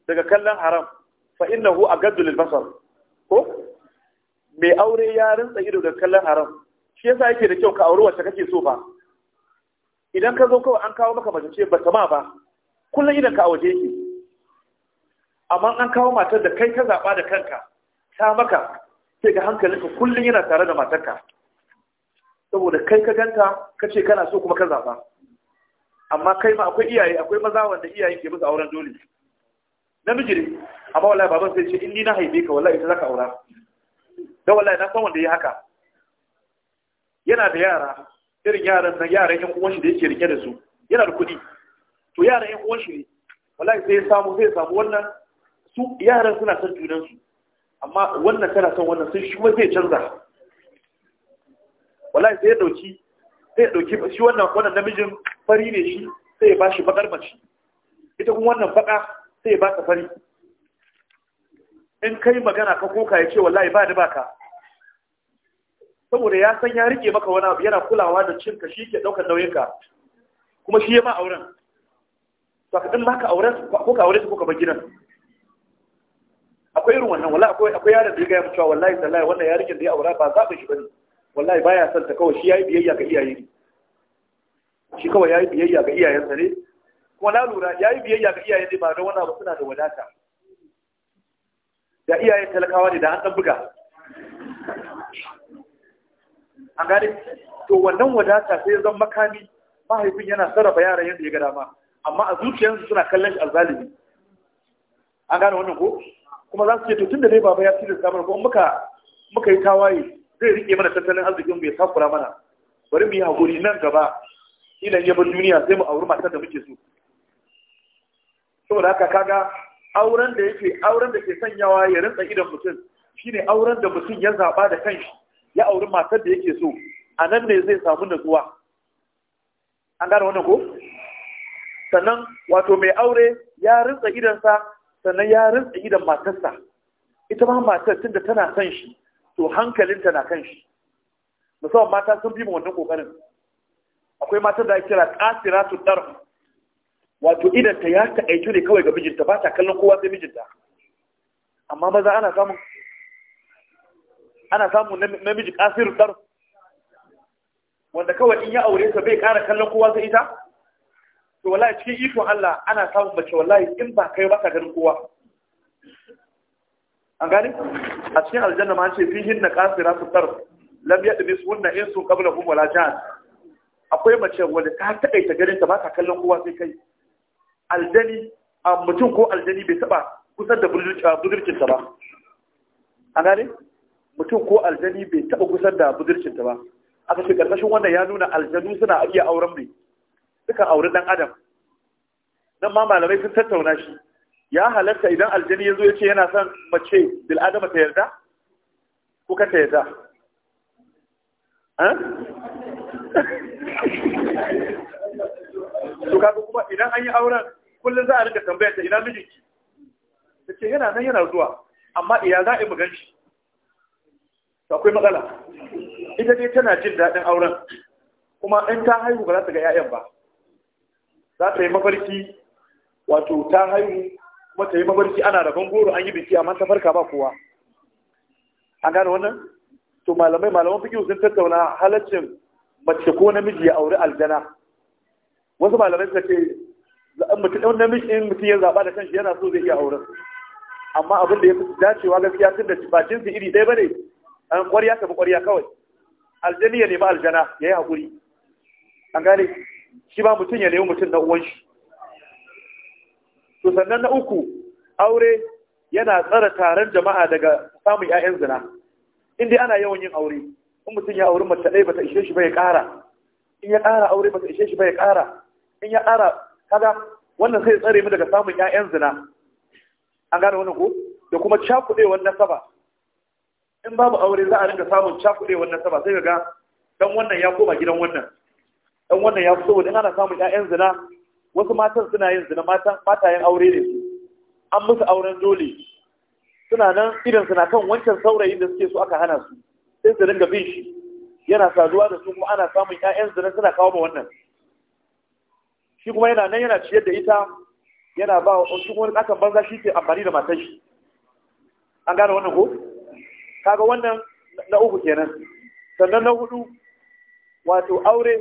[SPEAKER 2] daga kallon haram fa innahu a gaddu lil basar ko mai aure ya rinsa ido daga kallon haram shi yasa yake da kyau ka aure wacce kake so ba idan ka zo kawai an kawo maka mace ce ba ta ma ba kullum idan ka waje yake amma an kawo matar da kai ka zaɓa da kanka ta maka sai ga ka kullum yana tare da matarka saboda kai ka ganta ka ce kana so kuma ka zaɓa amma kai ma akwai iyaye akwai maza wanda iyaye ke musu auren dole namiji ne amma wallahi baban sai ce in ni na haife ka wallahi ita zaka aura dan wallahi na san wanda ya haka yana da yara irin yaran nan yaran yan uwan shi da yake rike da su yana da kuɗi to yaran yan uwan shi ne wallahi sai samu sai samu wannan su yaran suna son junan su amma wannan tana son wannan sai shi kuma zai canza wallahi sai ya dauki sai ya dauki shi wannan wannan namijin fari ne shi sai ya ba shi bakar mace ita kuma wannan baka sai ya ba ta fari in kai magana ka koka ya ce wallahi ba da baka saboda ya san ya rike maka wani abu yana kulawa da cinka shi ke ɗaukar nauyinka kuma shi ya ma auren to ka din maka auren ko ka aure su ko ka bagina akwai irin wannan wallahi akwai akwai yaron da ya gaya mu cewa wallahi sallahi wannan rike da ya aura ba za ka shi bane wallahi baya son ta kawai shi yayi biyayya ga iyaye shi kawai yayi biyayya ga iyayensa ne kuma na lura yayi biyayya ga iyaye ne ba da wani abu suna da wadata da iyayen talakawa ne da an dan buga an gane to wannan wadata sai zan makami mahaifin yana sarrafa yaran yadda ya ga dama amma a zuciyarsu suna kallon shi alzalimi an gane wannan ko kuma za su ce to tun da dai baba ya cire samar ko muka muka yi tawaye zai rike mana tattalin arzikin ya takura mana bari mu yi hakuri nan gaba ilan yaban duniya sai mu auri matar da muke so saboda haka kaga auren da yake auren da ke sanyawa ya rantsa idan mutum shine auren da mutum ya zaba da kanshi ya auri matar da yake so a nan ne zai samu natsuwa an gane wannan ko sannan wato mai aure ya rinsa idansa sannan ya rinsa idan matarsa ita ma matar tunda tana son shi to hankalinta na kan shi musamman mata sun bi mu wannan kokarin akwai matar da ake kira kasiratu dar wato idan ta ya aiki ne kawai ga mijinta ba ta kallon kowa sai mijinta amma maza ana samun ana samun namiji kafiru dar wanda kawai in ya aure ta bai kara kallon kowa sai ita to wallahi cikin ikon Allah ana samun mace wallahi in ba kai ba ka ganin kowa an gani a cikin aljanna ma an ce fi hinna kafira su dar lam yadmis wunna in sun kabla hum wala jan akwai mace wanda ta takaita ganin ta ba ka kallon kowa sai kai aljani a mutum ko aljani bai taba kusa da budurcin ta ba an gani mutum ko aljani bai taɓa kusan da budurcinta ba aka ce ƙarƙashin wannan ya nuna aljanu suna iya auren mai sukan auri ɗan adam nan ma malamai sun tattauna shi ya halatta idan aljani ya zo ya ce yana son mace bil adama ta yarda ko ka ta yarda to kaga kuma idan an yi auren kullum za a rinka tambayar ta ina mijinki ta ce yana nan yana zuwa amma iya za a yi mu gan shi akwai matsala ita dai tana jin daɗin auren kuma in ta haihu ba za ta ga 'ya'yan ba za ta yi mafarki wato ta haihu kuma ta yi mafarki ana rabon goro an yi biki amma ta farka ba kowa an gane wannan to malamai malaman fikihu sun tattauna halaccin mace ko namiji ya auri aljana wasu malamai suka ce mutum namiji in mutum ya zaɓa da kanshi yana so zai iya auren amma abin da ya fi dacewa gaskiya tun da ba jinsi iri ɗaya ba ne an ƙwarya tafi ƙwarya kawai aljani ya nemi aljana ya yi haƙuri an gane shi ba mutum ya nemi mutum na uwan shi to sannan na uku aure yana tsara taron jama'a daga samun 'ya'yan zina inda ana yawan yin aure in mutum ya auri mace ɗaya bata ishe shi ba ya ƙara in ya ƙara aure bata ishe shi ba ya ƙara in ya ƙara kaga wannan sai ya tsare mu daga samun 'ya'yan zina an gane wannan ko da kuma cakuɗewar nasaba in babu aure za a rinka samun cakuɗewar nasaba sai ga dan wannan ya koma gidan wannan dan wannan ya fito wani ana samun ƴaƴan zina wasu matan suna yin zina matan matayen aure ne su an musu auren dole suna nan idan suna kan wancan saurayin da suke so aka hana su sai su dinga bin shi yana saduwa da su kuma ana samun ƴaƴan zina suna kawo ma wannan shi kuma yana nan yana ciyar da ita yana ba shi kuma wani tsakan banza shi ke amfani da matan shi an gane wannan ko kaga wannan na uku kenan sannan na hudu wato aure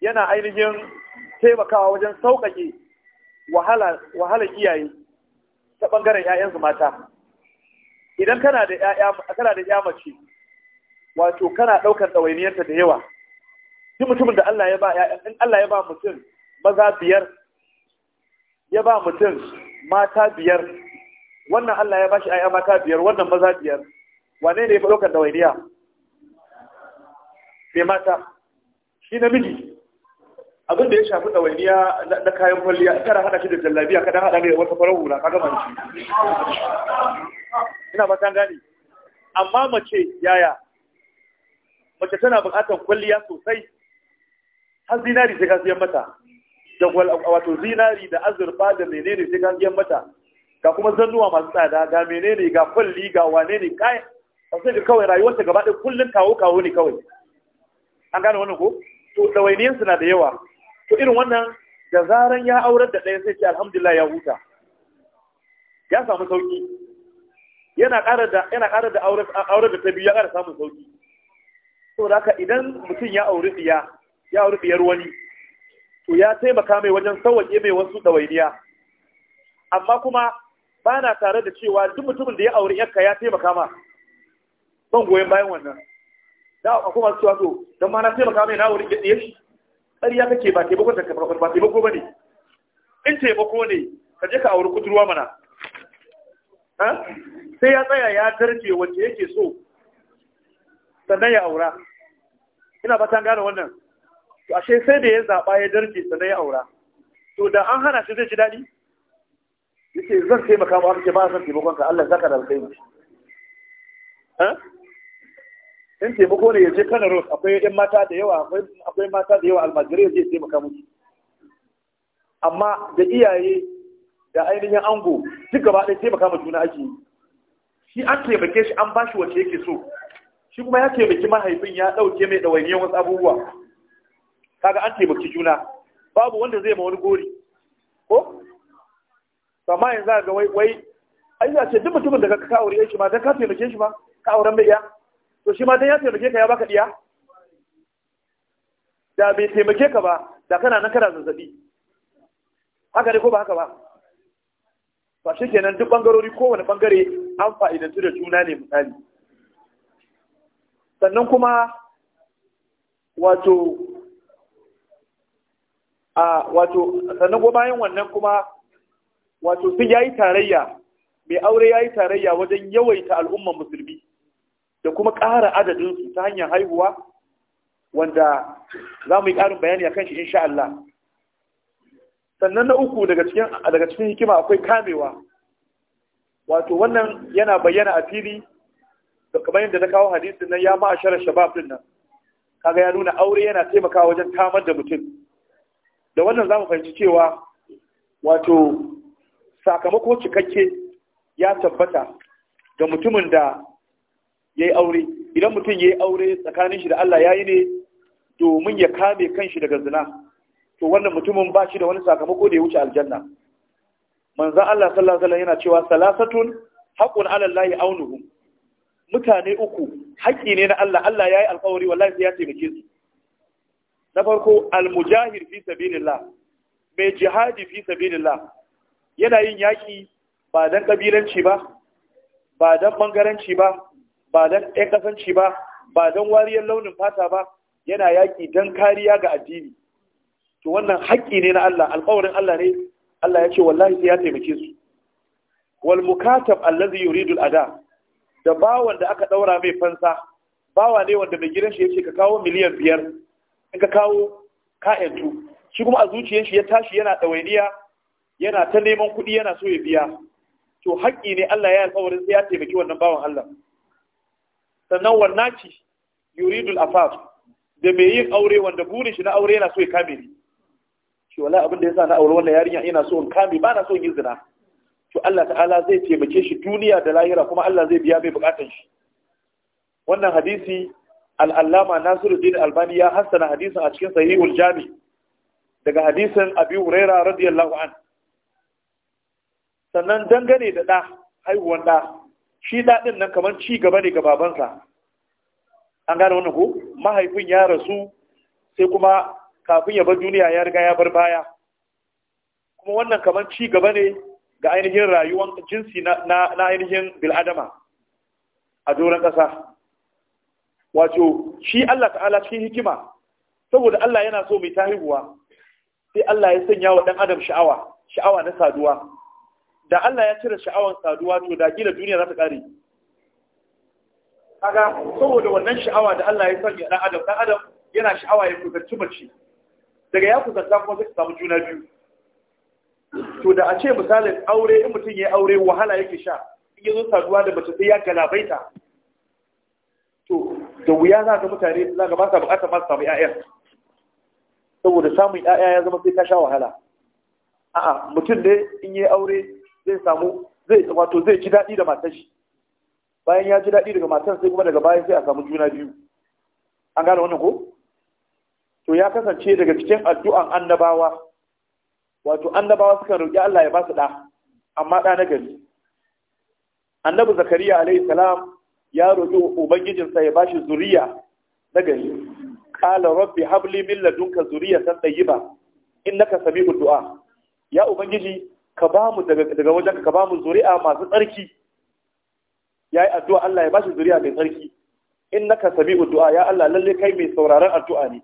[SPEAKER 2] yana ainihin taimakawa wajen sauƙaƙe wahalar iyaye ta ɓangaren 'ya'yansu mata idan kana da 'ya mace wato kana ɗaukar ɗawainiyarta da yawa duk mutumin da Allah Allah ya ba mutum maza biyar ya ba mutum mata biyar wannan Allah ya bashi ayyama mata biyar wannan maza biyar wane ne ya ɗaukar dawainiya sai mata shi na miji. abin da ya shafi ɗawainiya na kayan kwalliya kada hada shi da jallabiya kada hada ne da wata farar hula kaga mace ina ba kan gane amma mace yaya mace tana buƙatar kwalliya sosai har zinari sai ka siyan mata da wato zinari da azurfa da menene sai ka siyan mata ga kuma zannuwa masu tsada ga menene ga kulli ga wane ne kai sai ga kawai ta gaba ɗaya kullum kawo kawo ne kawai an gane wannan ko to ɗawainiyarsu na da yawa to irin wannan da zaran ya aurar da ɗaya sai ce alhamdulillah ya huta ya samu sauki yana ƙara da yana ƙara da aurar da ta biyu ya ƙara samun sauki to da haka idan mutum ya auri diya ya auri diyar wani to ya taimaka mai wajen sauke mai wasu ɗawainiya amma kuma ba na tare da cewa duk mutumin da ya auri yanka ya taimaka ma ban goyon bayan wannan da akwai masu cewa to don ma na taimaka mai na auri ya ɗaya shi ƙarya kake ba taimakon da kafa ba taimako ba ne in taimako ne ka je ka auri kuturwa mana sai ya tsaya ya tarje wacce yake so sannan ya aura ina ba tan gane wannan to ashe sai da ya zaba ya darje sannan ya aura to da an hana shi zai ji daɗi yake zan taimaka ma kake ba san taimakon ka Allah zaka da alkhairi eh in taimako ne yaje kana ros akwai yan mata da yawa akwai akwai mata da yawa almajiri yaje taimaka miki. amma da iyaye da ainihin ango duk gaba ɗaya taimaka ma juna ake shi an taimake shi an bashi wace yake so shi kuma ya taimaki mahaifin ya ɗauke mai ɗawainiyar wasu abubuwa kaga an taimaki juna babu wanda zai ma wani gori ko amma yanzu ga wai wai ai ce duk mutumin da ka ka aure shi ma dan ka taimake shi ma ka auren mai iya to shi ma dan ya taimake ka ya baka iya da bai taimake ka ba da kana nan kana zazzabi haka ne ko ba haka ba ba shi kenan duk bangarori kowane bangare an fa'idantu da juna ne misali sannan kuma wato a wato sannan bayan wannan kuma wato sun yi tarayya mai aure ya yi tarayya wajen yawaita al'umman musulmi da kuma ƙara adadin su ta hanyar haihuwa wanda za mu yi ƙarin bayani akan shi insha Allah sannan na uku daga cikin hikima akwai kamewa wato wannan yana bayyana a fili da kamar yadda na kawo hadisin nan ya ma'ashara shabab din nan kaga ya nuna aure yana taimakawa wajen kamar da mutum da wannan za mu fahimci cewa wato sakamako cikakke ya tabbata ga mutumin da ya yi aure idan mutum ya yi aure tsakanin shi da Allah ya yi ne domin ya kame kanshi daga zina to wannan mutumin ba shi da wani sakamako da ya wuce aljanna manzan Allah sallallahu yana cewa salasatun haƙun alallahi aunuhum mutane uku haƙƙi ne na Allah Allah ya yi alƙawari wallahi sai ya taimake su na farko almujahid fi sabilillah mai jihadi fi sabilillah yana yin yaƙi ba don ƙabilanci ba ba don ɓangaranci ba ba don ɗan ƙasanci ba ba don wariyar launin fata ba yana yaƙi don kariya ga addini to wannan haƙƙi ne na Allah alƙawarin Allah ne Allah ya ce wallahi sai ya taimake su wal mukatab allazi yuridu al-ada da bawan da aka ɗaura mai fansa bawa ne wanda mai gidan shi ya ce ka kawo miliyan biyar in ka kawo ka'yantu shi kuma a zuciyar shi ya tashi yana ɗawainiya yana ta neman kuɗi yana so ya biya to haƙƙi ne Allah ya alƙawarin sai ya taimaki wannan bawan Allah sannan wannaki yuridul afaf da mai yin aure wanda burin shi na aure yana so ya kame ni shi wallahi abin da yasa na aure wannan yarinya ina so in kame ba na so in yi zina to Allah ta'ala zai taimake shi duniya da lahira kuma Allah zai biya mai bukatun shi wannan hadisi al-allama Nasiruddin Albani ya hassana hadisin a cikin sahihul jami daga hadisin Abi Huraira radiyallahu an sannan dangane da ɗa haihuwan ɗa shi ɗaɗin nan kamar ci gaba ne ga babansa an gane wannan ko mahaifin ya rasu sai kuma kafin ya bar duniya ya riga ya bar baya kuma wannan kamar ci gaba ne ga ainihin rayuwar jinsi na ainihin bil'adama a doron ƙasa wato shi Allah ta'ala cikin hikima saboda Allah yana so mai ta haihuwa sai Allah ya sanya wa ɗan adam sha'awa sha'awa na saduwa da Allah ya cire sha'awar saduwa to da gina duniya za ta kare kaga saboda wannan sha'awa da Allah ya sanya dan adam dan adam yana sha'awa ya kusanci mace daga ya kusanta kuma zai samu juna biyu to da a ce misalin aure in mutum ya aure wahala yake sha in yazo saduwa da mace sai ya galabaita to da wuya za ga mutane za ga ba sa bukatar ma su samu ƴaƴan saboda samun ƴaƴa ya zama sai ka sha wahala a'a mutum ne in yi aure zai samu zai wato zai ji daɗi da matar shi bayan ya ji daɗi daga matar sai kuma daga bayan sai a samu juna biyu an gane wannan ko to ya kasance daga cikin addu'an annabawa wato annabawa suka roƙi Allah ya ba su ɗa amma ɗa na gari annabi zakariya alaihi salam ya roƙi ubangijinsa ya bashi zuriya na gari qala rabbi habli min ladunka zuriyatan tayyiba innaka sami'ud du'a ya ubangiji ka ba mu daga wajen ka ba mu zuri'a masu tsarki ya yi addu'a Allah ya ba shi zuri'a mai tsarki in naka sami addu'a ya Allah lalle kai mai sauraron addu'a ne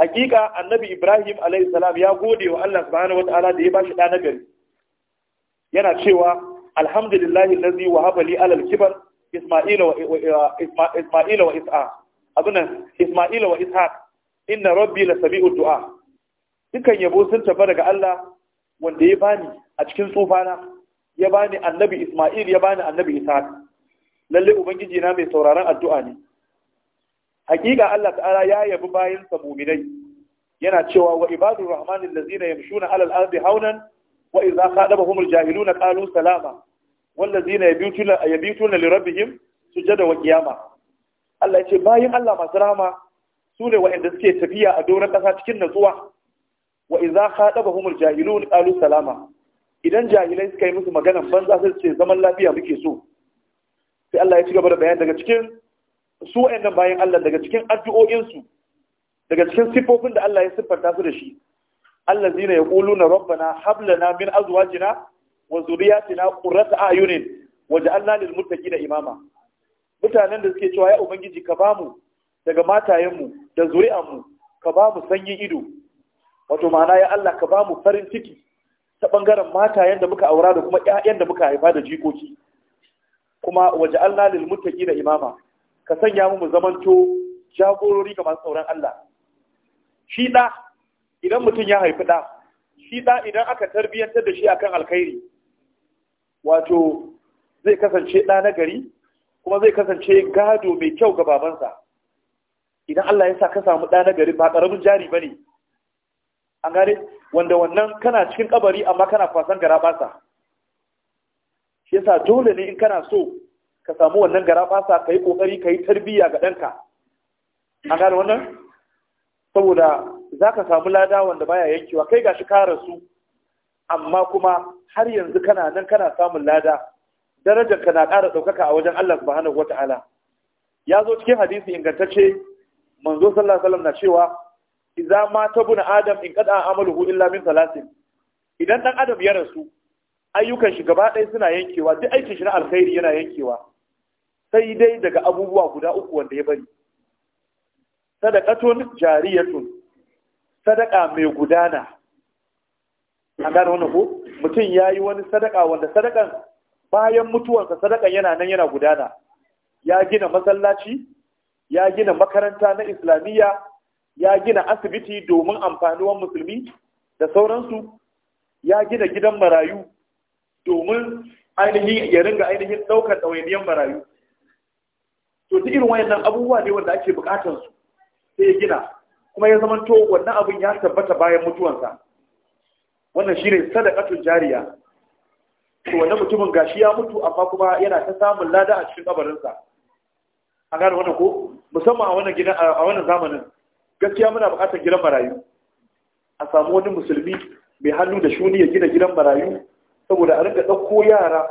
[SPEAKER 2] hakika annabi Ibrahim alaihi ya gode wa Allah subhanahu ta'ala da ya ba shi ɗa nagari yana cewa alhamdulillahi wa wahaba li alal kibar isma'ila wa is'a isma'ila wa ishaq inna rabbi la sami'u du'a dukan yabo sun tafa daga Allah wanda ya bani a cikin tsufana ya bani annabi Isma'il ya bani annabi Isa lalle ubangiji na mai sauraron addu'a ne hakika Allah ta'ala ya yabi bayin sa mu'minai yana cewa wa ibadur rahmani allazina yamshuna alal ardi haunan wa idza khadabahum aljahiluna qalu salama wallazina yabituna yabituna li rabbihim sujada wa qiyama Allah ya ce bayin Allah masu rahama su ne waɗanda suke tafiya a doron ƙasa cikin natsuwa wa idza jahilu na qalu salama idan jahilai suka yi musu magana ban za su ce zaman lafiya muke so sai Allah ya ci gaba da bayan daga cikin su wayannan bayan Allah daga cikin addu'o'insu daga cikin siffofin da Allah ya siffanta su da shi Allah zina ya na Rabba rabbana hab na min azwajina wa zurriyatina qurrata ayunin ja'alna lil muttaqina imama mutanen da suke cewa ya ubangiji ka bamu daga matayenmu da mu ka bamu sanyin ido wato mana ya Allah ka ba mu farin ciki ta bangaren mata yadda muka aura da kuma ƴaƴan da muka haifa da jikoki kuma waje Allah lil da imama ka sanya mu zamanto jagorori ga masu tsoron Allah shi da idan mutum ya haifi da shi da idan aka tarbiyyantar da shi akan alkhairi wato zai kasance da na gari kuma zai kasance gado mai kyau ga babansa idan Allah ya sa ka samu da na gari ba karamin jari ba ne. an gane wanda wannan kana cikin kabari amma kana kwasan garabasa shi yasa dole ne in kana so ka samu wannan garabasa ka yi kokari ka yi tarbiyya ga ɗanka an gane wannan saboda za ka samu lada wanda baya yankewa kai gashi ka rasu amma kuma har yanzu kana nan kana samun lada darajar ka na ƙara ɗaukaka a wajen Allah subhanahu wata'ala ya zo cikin hadisi ingantacce manzo sallallahu alaihi wasallam na cewa ma mata bun adam in kada amaluhu illa min Salatin? idan dan adam ya rasu ayyukan shi gaba ɗaya suna yankewa duk aikin shi na alkhairi yana yankewa sai dai daga abubuwa guda uku wanda ya bari sadaqatun jariyatun sadaqa mai gudana an gane wannan ko mutum yayi wani sadaqa wanda sadakan bayan mutuwansa sadakan yana nan yana gudana ya gina masallaci ya gina makaranta na islamiyya ya gina asibiti domin amfanuwan musulmi da sauransu ya gina gidan marayu domin ainihin ya ringa ainihin ɗaukar ɗawainiyar marayu to duk irin wayannan abubuwa ne wanda ake bukatar su sai ya gina kuma ya zama to wannan abin ya tabbata bayan mutuwansa wannan shine sadaqatul jariya to wannan mutumin gashi ya mutu amma kuma yana ta samun lada a cikin kabarinsa an gane wannan ko musamman a wannan a wannan zamanin gaskiya muna buƙatar gidan marayu a samu wani musulmi mai hannu da shuni ya gina gidan marayu saboda a rinka ɗauko yara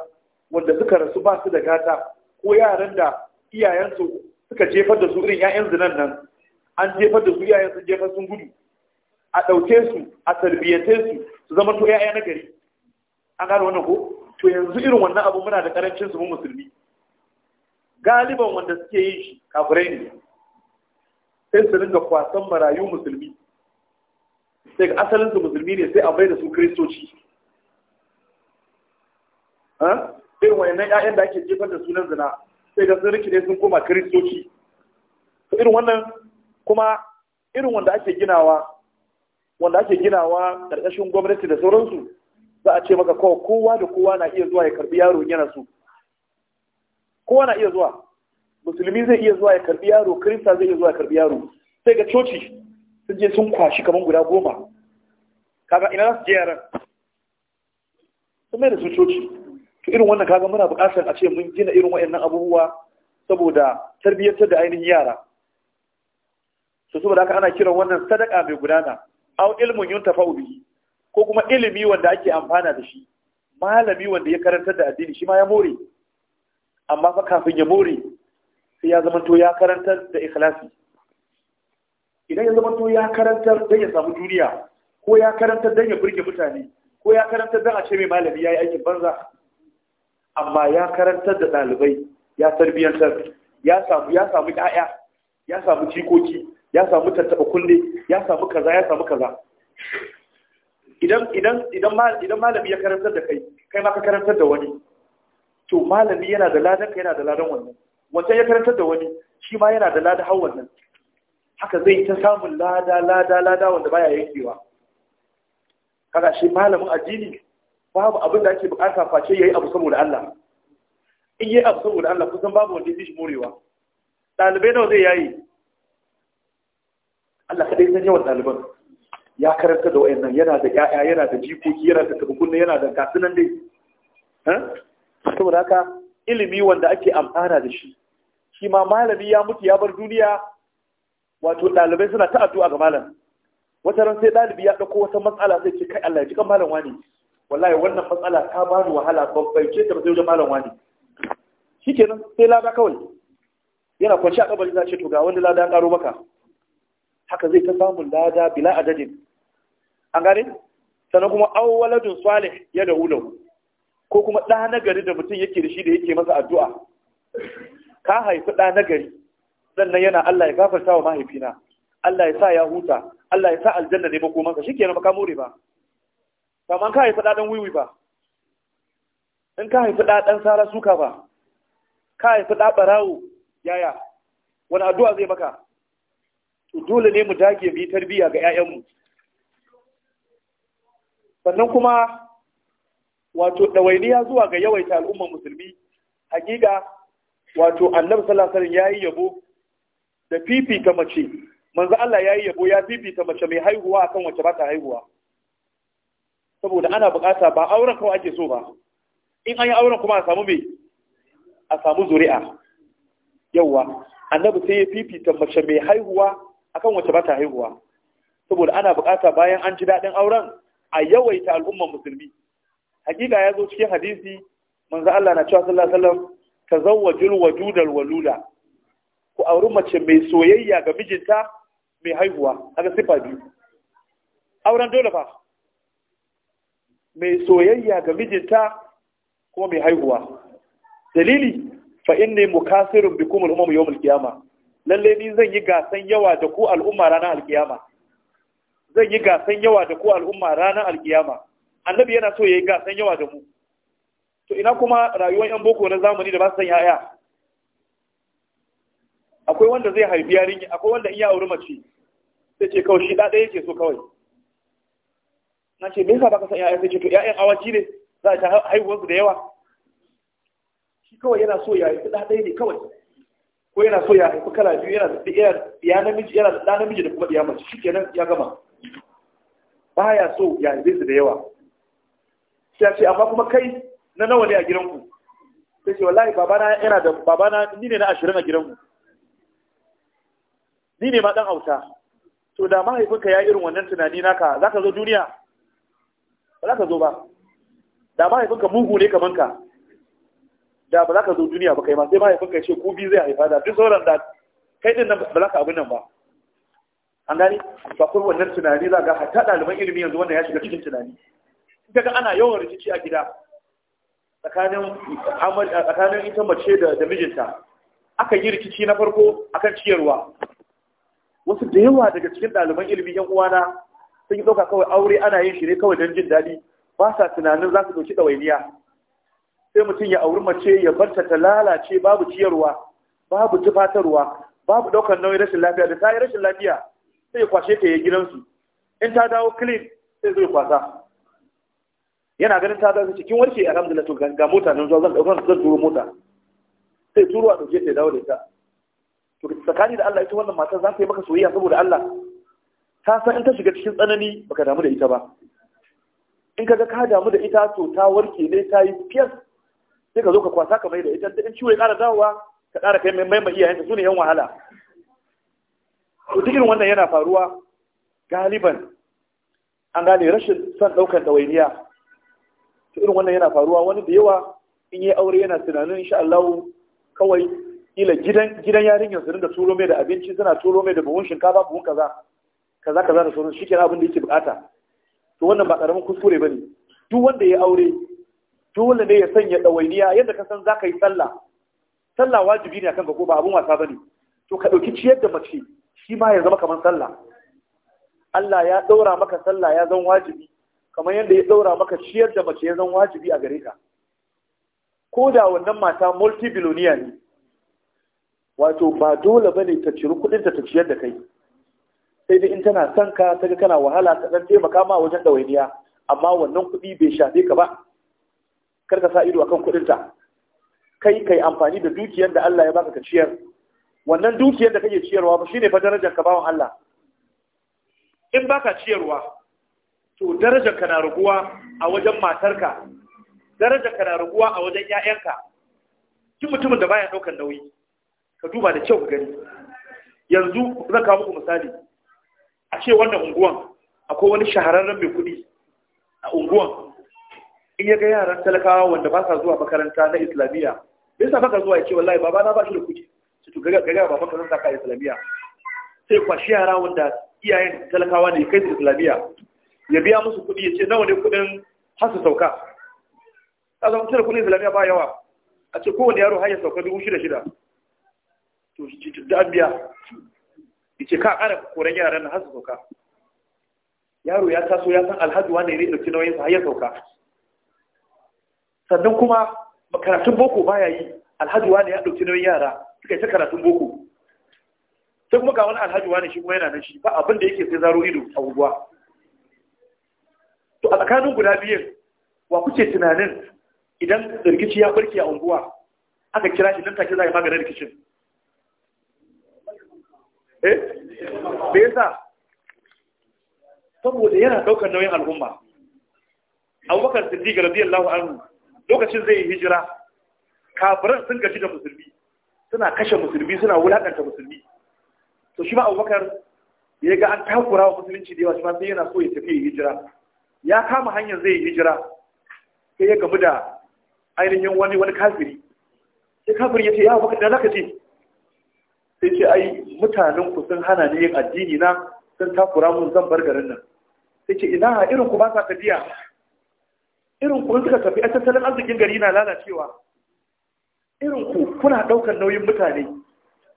[SPEAKER 2] wanda suka rasu ba su da gata ko yaran da iyayensu suka jefar da su irin 'ya'yan zinan nan an jefar da su iyayen sun jefar sun gudu a ɗauke su a tarbiyyance su su zama to 'ya'ya na gari an gano wannan ko to yanzu irin wannan abu muna da karancin su mu musulmi galiban wanda suke yin shi kafirai ne sai su ringa kwasan marayu musulmi sai ga asalin su musulmi ne sai a bai da su kristoci ha irin wayannan ƴaƴan da ake jefar da sunan zina sai ga sun rikide sun koma kristoci to irin wannan kuma irin wanda ake ginawa wanda ake ginawa ƙarƙashin gwamnati da sauransu za a ce maka kowa da kowa na iya zuwa ya karbi yaro yana so kowa na iya zuwa musulmi zai iya zuwa ya karbi yaro kirista zai iya zuwa ya karbi yaro sai ga coci sun je sun kwashi kamar guda goma kaga ina za su je yaran sun mai da su coci to irin wannan kaga muna buƙatar a ce mun gina irin waɗannan abubuwa saboda tarbiyyantar da ainihin yara su saboda haka ana kiran wannan sadaka mai gudana au ilmun yuntafa bihi ko kuma ilimi wanda ake amfana da shi malami wanda ya karantar da addini shi ma ya more amma fa kafin ya more sai ya zama to ya karantar da ikhlasi idan ya zama to ya karantar don ya samu duniya ko ya karantar don ya burge mutane ko ya karantar don a ce mai malami ya yi aikin banza amma ya karantar da ɗalibai ya tarbiyyantar ya samu ya samu ƴaƴa ya samu jikoki ya samu tattaɓa kulle, ya samu kaza ya samu kaza idan idan idan idan malami ya karantar da kai kai ma ka karantar da wani to malami yana da ladan kai yana da ladan wannan wata ya karanta da wani shi ma yana da lada har wannan haka zai ta samun lada lada lada wanda baya yankewa kaga shi malamin addini babu abin da ake bukata face yayi abu saboda Allah in yayi abu saboda Allah kusan babu wanda yake morewa dalibai nawa zai yayi Allah kadai san yawan daliban ya karanta da wayannan yana da ƴaƴa yana da jikoki yana da tabukunne yana da kasunan dai Ha? saboda haka ilimi wanda ake amfana da shi shi ma malami ya mutu ya bar duniya wato ɗalibai suna ta addu'a ga malam wata ran sai ɗalibi ya ɗauko wata matsala sai ce kai Allah ya ji kan malam wani wallahi wannan matsala ta ba ni wahala ban fahimce ta ba sai wajen malam wani shikenan sai lada kawai yana kwanci a kabari za ce to ga wani lada ya karo maka haka zai ta samun lada bila adadin an gane sannan kuma awwaladun salih ya da hulahu ko kuma ɗa na gari da mutum yake da shi da yake masa addu'a ka haifi ɗa na gari sannan yana Allah ya gafarta wa mahaifina Allah ya sa ya huta Allah ya sa aljanna ne maka shi kenan ba ka more ba kamar ka haifi ɗaɗan wiwi ba in ka haifi ɗaɗan sara suka ba ka haifi ɗa ɓarawo yaya wani addu'a zai maka dole ne mu dage mu yi tarbiyya ga 'ya'yanmu sannan kuma wato ɗawainiya zuwa ga yawaita al'ummar musulmi hakika wato annabi sallallahu alaihi yayi yabo da fifita mace manzo Allah yayi yabo ya fifita mace mai haihuwa akan wacce ba ta haihuwa saboda ana bukata ba auren kawai ake so ba in an yi auren kuma a samu me a samu zuri'a yawa annabi sai ya fifita mace mai haihuwa akan wacce ba ta haihuwa saboda ana bukata bayan an ji dadin auren a yawaita al'umman musulmi hakika ya zo cikin hadisi manzo Allah na cewa sallallahu alaihi wasallam tazawwajul wadudal walula ku auri mace mai soyayya ga mijinta mai haihuwa ga sifa biyu auren dole fa mai soyayya ga mijinta kuma mai haihuwa dalili fa mu kasirin bikin al al'umma mai yawon kiyama. lalle ni zan yi gasan yawa da ku al'umma ranar al zan yi gasan yawa da ku al'umma ranar al annabi yana so yi gasan yawa da mu to ina kuma rayuwar yan boko na zamani da ba su san yaya akwai wanda zai haifi yarinya akwai wanda in ya auri mace sai ce kawai shi ɗaɗa yake so kawai na ce me yasa baka san yaya sai ce to yayan awaci ne za a ta su da yawa shi kawai yana so ya haifi ɗaɗa ne kawai ko yana so ya haifi kala biyu yana da ya namiji yana da namiji da kuma ɗiya mace shikenan ya gama baya so ya haife su da yawa sai ce amma kuma kai na nawa ne a gidanku sai ce wallahi babana yana da babana ni ne na ashirin a gidanku ni ne ma dan auta to da mahaifinka ya irin wannan tunani naka za ka zo duniya ba za ka zo ba da mahaifinka mugu ne kaman ka da ba za ka zo duniya ba kai ma sai mahaifinka ya ce ku bi zai haifa da duk sauran da kai din nan ba za ka abin nan ba an gani ba kuma wannan tunani za ga hatta ɗaliban ilimi yanzu wannan ya shiga cikin tunani kaga ana yawan rikici a gida tsakanin ita mace da mijinta aka yi rikici na farko akan ciyarwa wasu da yawa daga cikin ɗaliban ilimin yan uwana sun yi ɗauka kawai aure ana yin shi ne kawai don jin daɗi ba sa tunanin za su ɗauki ɗawainiya sai mutum ya auri mace ya barta ta lalace babu ciyarwa babu tufatarwa babu ɗaukar nauyin rashin lafiya da ta yi rashin lafiya sai ya kwashe ta ya gidansu in ta dawo clean sai zai kwasa yana ganin ta zai cikin warke alhamdulillah to ga mota nan zuwa zan dauka zan turo mota sai turo a dauke sai dawo da ita to tsakani da Allah ita wannan mata za ta yi maka soyayya saboda Allah ta san in ta shiga cikin tsanani baka damu da ita ba in ka ga ka damu da ita to ta warke ne ta yi fiyas sai ka zo ka kwasa ka mai da ita in ciwo ya ƙara dawowa ka kara kai mai mai iyayen ta sune yan wahala to duk irin wannan yana faruwa galiban an gane rashin son ɗaukar ɗawainiya to irin wannan yana faruwa wani da yawa in yi aure yana tunanin insha Allah kawai ila gidan gidan yarinyar su da turo mai da abinci suna turo mai da buhun shinkafa buhun kaza kaza kaza da sauran shikenan abin da yake bukata to wannan ba karamin kuskure bane duk wanda ya aure dole ne ya sanya dawainiya yadda ka san zaka yi sallah sallah wajibi ne akan ka ko ba abun wasa bane to ka dauki ciyar da mace shi ma ya zama kamar sallah Allah ya daura maka sallah ya zama wajibi kamar yadda ya ɗaura maka ciyar da mace ya zan wajibi a gare ka ko da wannan mata multi multibiloniya ne wato ba dole ba ne ta ciri kudin ta ciyar da kai sai dai in tana son ka ta ga kana wahala ta ɗan taimaka ma wajen ɗawainiya amma wannan kuɗi bai shafe ka ba kar ka sa ido akan kuɗin ta kai kai amfani da dukiyar da Allah ya baka ka ciyar wannan dukiyar da kake ciyarwa ba shine fa darajar ka bawan Allah in baka ciyarwa to darajar ka na raguwa a wajen matarka darajar na raguwa a wajen ƴaƴanka kin mutumin da baya daukar nauyi ka duba da kyau gani yanzu zan kawo muku misali a ce wannan unguwan akwai wani shahararren mai kuɗi a unguwan in ya ga yaran talakawa wanda ba sa zuwa makaranta na islamiyya bai sa baka zuwa ya ce wallahi baba na ba shi da kuɗi su to gaga gaga baba ka zan saka islamiyya sai kwashi yara wanda iyayen talakawa ne kai su islamiyya ya biya musu kuɗi ya ce nawa ne kuɗin har su sauka a zama cire kuɗin islamiyya ba yawa a ce kowane yaro har ya sauka dubu shida shida to shi da an biya ya ce ka ƙara koren yaran har su sauka yaro ya taso ya san alhaji wanda ya ɗauki nauyin sa har ya sauka sannan kuma karatun boko baya yi alhaji wanda ya ɗauki nauyin yara suka yi ta karatun boko sai kuma ga wani alhaji wani shi kuma yana nan shi ba abin da yake sai zaro ido a unguwa to a tsakanin guda biyun wa kuke tunanin idan rikici ya barke a unguwa aka kira shi nan take za a yi maganin rikicin eh me yasa saboda yana daukar nauyin al'umma abubakar siddiq radiyallahu anhu lokacin zai yi hijira kafiran sun gaji da musulmi suna kashe musulmi suna wulakanta musulmi to shi ma abubakar ya ga an takura wa musulunci da yawa shi ma sai yana so ya tafi hijira ya kama hanyar zai hijira sai ya gamu da ainihin wani wani kafiri sai kafiri ya ce ya baka da zaka ce sai ce ai mutanen ku sun hana ni yin addini na sun takura mun zan bar garin nan sai ce ina irin ku ba sa tafiya irin ku suka tafi a tattalin arzikin gari na lalacewa irin ku kuna daukar nauyin mutane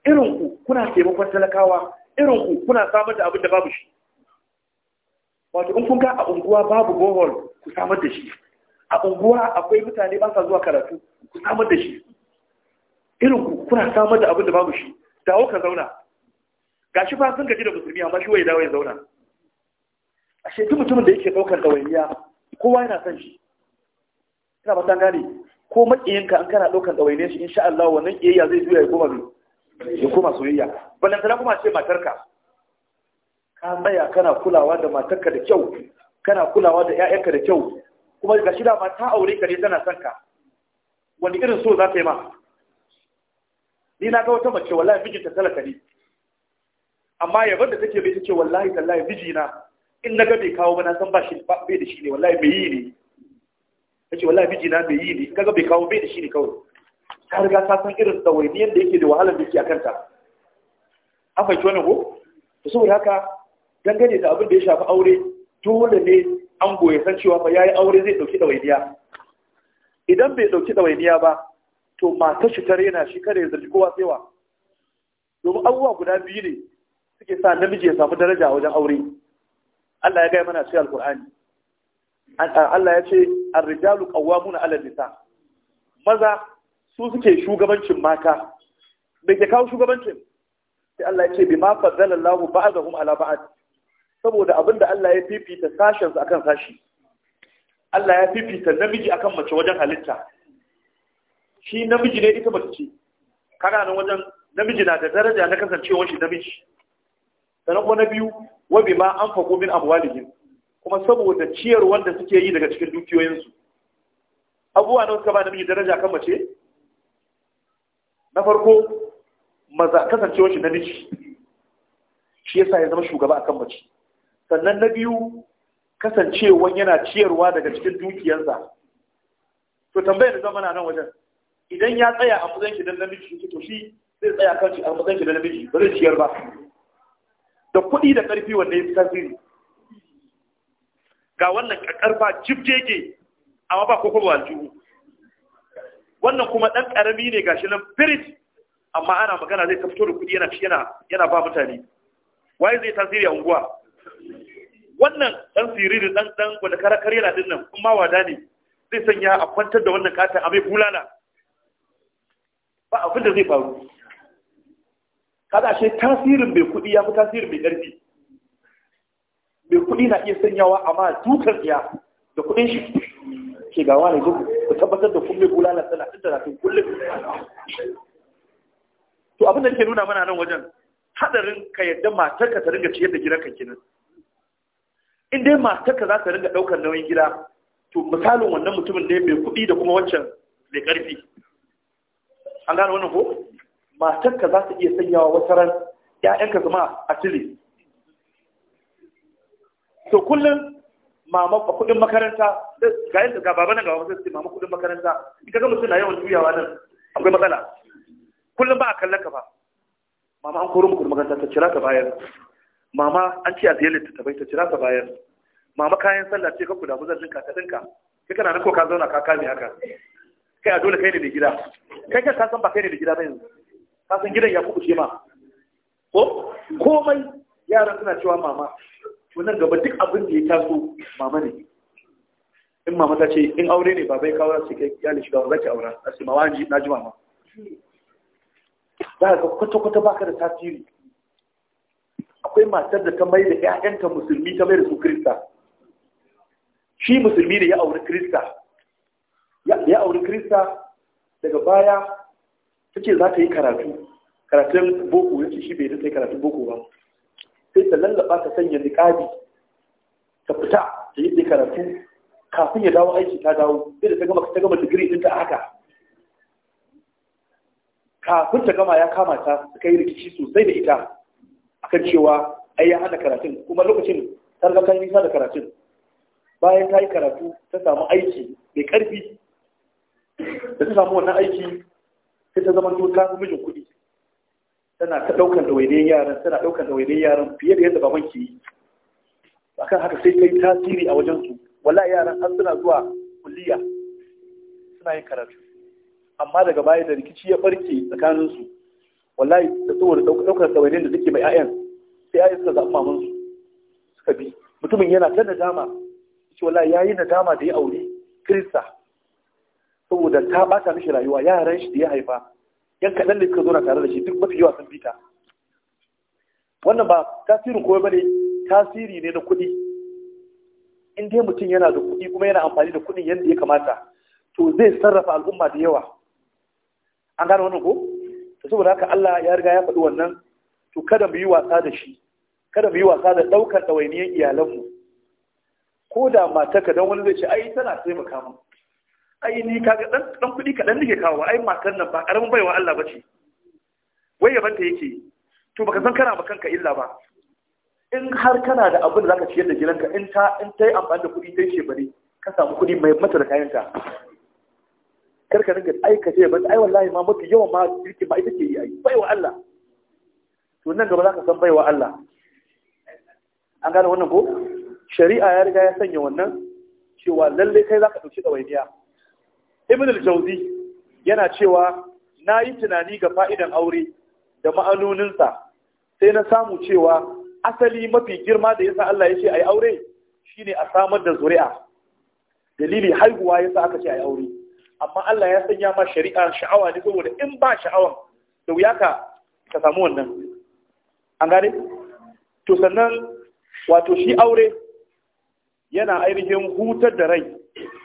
[SPEAKER 2] irin ku kuna taimakon talakawa irin ku kuna samar da abin da babu shi wato in kun ga a unguwa babu bohol ku samar da shi a unguwa akwai mutane ba sa zuwa karatu ku samar da shi irin ku kuna samar da abin da babu shi dawo ka zauna Ga shi ba sun gaji da musulmi amma shi wai dawo ya zauna a shekaru mutumin da yake daukar ɗawainiya kowa yana son shi ina ba gane ko maƙiyinka an kana ɗaukar ɗawainiya shi insha Allah wannan ƙiyayya zai zuwa ya koma ya koma soyayya balantana kuma ce matarka ka tsaya kana kulawa da matarka da kyau kana kulawa da 'ya'yanka da kyau kuma ga da ba ta aure ka ne tana son ka wani irin so za ta yi ma ni na ga wata mace wallahi mijinta talaka ne amma yabar da take bai take wallahi tallahi mijina in na ga bai kawo ba na san ba shi bai da shi ne wallahi bai yi ne kace wallahi mijina bai yi ne kaga bai kawo bai da shi ne kawai ta riga ta san irin ne da yake da wahalar da yake a kanta an fahimci wannan ko to saboda haka dangane da abin da ya shafi aure dole ne an goye san cewa fa yayi aure zai dauki dawainiya idan bai dauki dawainiya ba to matar shi tare yana shi kada ya zargi kowa tsewa. domin abubuwa guda biyu ne suke sa namiji ya samu daraja wajen aure Allah ya gaya mana cikin alkur'ani Allah ya ce ar-rijalu qawwamuna 'ala nisa maza su suke shugabancin mata Me ke kawo shugabancin sai Allah ya ce bima faddala ba'dahum 'ala ba'd saboda abin da Allah ya fifita sashensu akan sashi Allah ya fifita namiji akan mace wajen halitta shi namiji ne ita mace kana nan wajen namiji na da daraja na kasancewar shi namiji Sanan kuma na biyu wabi ma an fago min amwalihim kuma saboda ciyar wanda suke yi daga cikin dukiyoyinsu abubuwa na suka ba namiji daraja kan mace na farko maza kasancewar shi namiji shi yasa ya zama shugaba akan mace sannan na biyu kasancewa yana ciyarwa daga cikin dukiyarsa to tambayar da zama na nan wajen idan ya tsaya a mazan shi na namiji su to zai tsaya kan shi a mazan shi na namiji ba zai ciyar ba da kuɗi da ƙarfi wanda ya fi tasiri ga wannan ƙarfa jege amma ba kokon aljihu wannan kuma ɗan ƙarami ne gashi nan firit amma ana magana zai ta fito da kuɗi yana yana ba mutane waye zai tasiri a unguwa wannan dan siriri dan dan wanda kara kare na dinnan kun ma wada ne zai sanya a kwantar da wannan katon a mai bulala ba abin da zai faru kada shi tasirin mai kuɗi ya fi tasirin mai ƙarfi mai kuɗi na iya sanyawa amma dukan iya da kuɗin shi ke gawa ne duk ku tabbatar da kun mai bulala sana ɗin da fin kullum to abin da ke nuna mana nan wajen hadarin ka yadda matar ka ta ringa ciyar da gidan kan kinan in dai matarka za ta ringa ɗaukar nauyin gida to misalin wannan mutumin ne mai kuɗi da kuma wancan mai ƙarfi an gane wannan ko matarka za ta iya sanyawa wata ran ‘ya'yanka zama a cile to kullum mama kuɗin makaranta ga yadda ga baba nan ga wasu sai mama kuɗin makaranta in ka ga mutum na yawan juyawa nan akwai matsala kullum ba a kallon ka ba mama an koro muku makaranta ta cira ka bayan mama an ce a ta littattafai ta cira ta bayar mama kayan sallah ce ka kuda muzar dinka ta dinka kai kana nan ko ka zauna ka kame haka kai a dole kai ne mai gida kai kai ka san ba kai ne mai gida ba yanzu ka san gidan ya kubuce ma ko komai yaran suna cewa mama wannan gaba duk abin da ya taso mama ne in mama ta ce in aure ne babai kawo su kai iyali shiga ba zaki aura a ce mawa na ji mama za ka kwata-kwata baka da tasiri akwai matar da ta mai da ‘ya'yanta musulmi ta mai da su krista shi musulmi da ya auri krista ya auri kirista daga baya ta ce za ta yi karatu karatun boko ya ce shi bai ta yi karatun boko ba sai ta lallaba ta sanya niƙabi ta fita ta yi karatu kafin ya dawo aiki ta dawo sai da ta gama ta gama digiri ɗinta a haka kafin ta gama ya kama ta suka yi rikici sosai da ita akan cewa ai ya hana karatun kuma lokacin ta ga ta yi nisa da karatun bayan ta yi karatu ta samu aiki mai karfi da ta samu wannan aiki sai ta zama ta mijin kuɗi tana ta ɗaukar ɗawainiyar yaran tana ɗaukar yaran fiye da yadda baban ke yi akan haka sai ta yi tasiri a wajen su wallahi yaran harsuna suna zuwa kulliya suna yin karatu amma daga baya da rikici ya barke tsakaninsu wallahi da saboda ɗaukar tsawarin da suke mai 'ya'yan sai 'ya'yan suka zaɓi mamansu suka bi mutumin yana ta nadama shi wallahi ya yi nadama da ya aure kirista saboda ta ɓata mishi rayuwa yaran shi da ya haifa yan kaɗan da suka zo na tare da shi duk mafi yawa sun bita wannan ba tasirin kowai ba ne tasiri ne na kuɗi in dai mutum yana da kuɗi kuma yana amfani da kuɗin yadda ya kamata to zai sarrafa al'umma da yawa an gane wannan ko Da saboda haka Allah ya riga ya faɗi wannan to kada mu yi wasa da shi kada mu yi wasa da ɗaukar ɗawainiyar iyalanmu ko da ka don wani zai ce ai tana taimaka mu ai ni kaga dan dan kuɗi kaɗan nake kawo ai matan nan ba ƙaramin baiwa Allah bace wai ya banta yake to baka san kana ba kanka illa ba in har kana da abin da zaka ciyar da gidanka in ta in ta yi amfani da kuɗi ta yi shebare ka samu kuɗi mai mata da kayanka. karka rinka aikace ba ai wallahi ma mafi yawan ma kirki ba ita ce yi ai baiwa Allah to nan gaba zaka san baiwa Allah an gane wannan ko shari'a ya riga ya sanya wannan cewa lalle kai zaka dauki dawainiya ibn al-jawzi yana cewa na yi tunani ga fa'idan aure da ma'anoninsa sai na samu cewa asali mafi girma da yasa Allah ya ce ai aure shine a samar da zuri'a dalili haihuwa yasa aka ce ai aure amma Allah ya sanya ma shari'a sha'awa ne saboda in ba sha'awa da wuya ka ka samu wannan an gane to sannan wato shi aure yana ainihin hutar da rai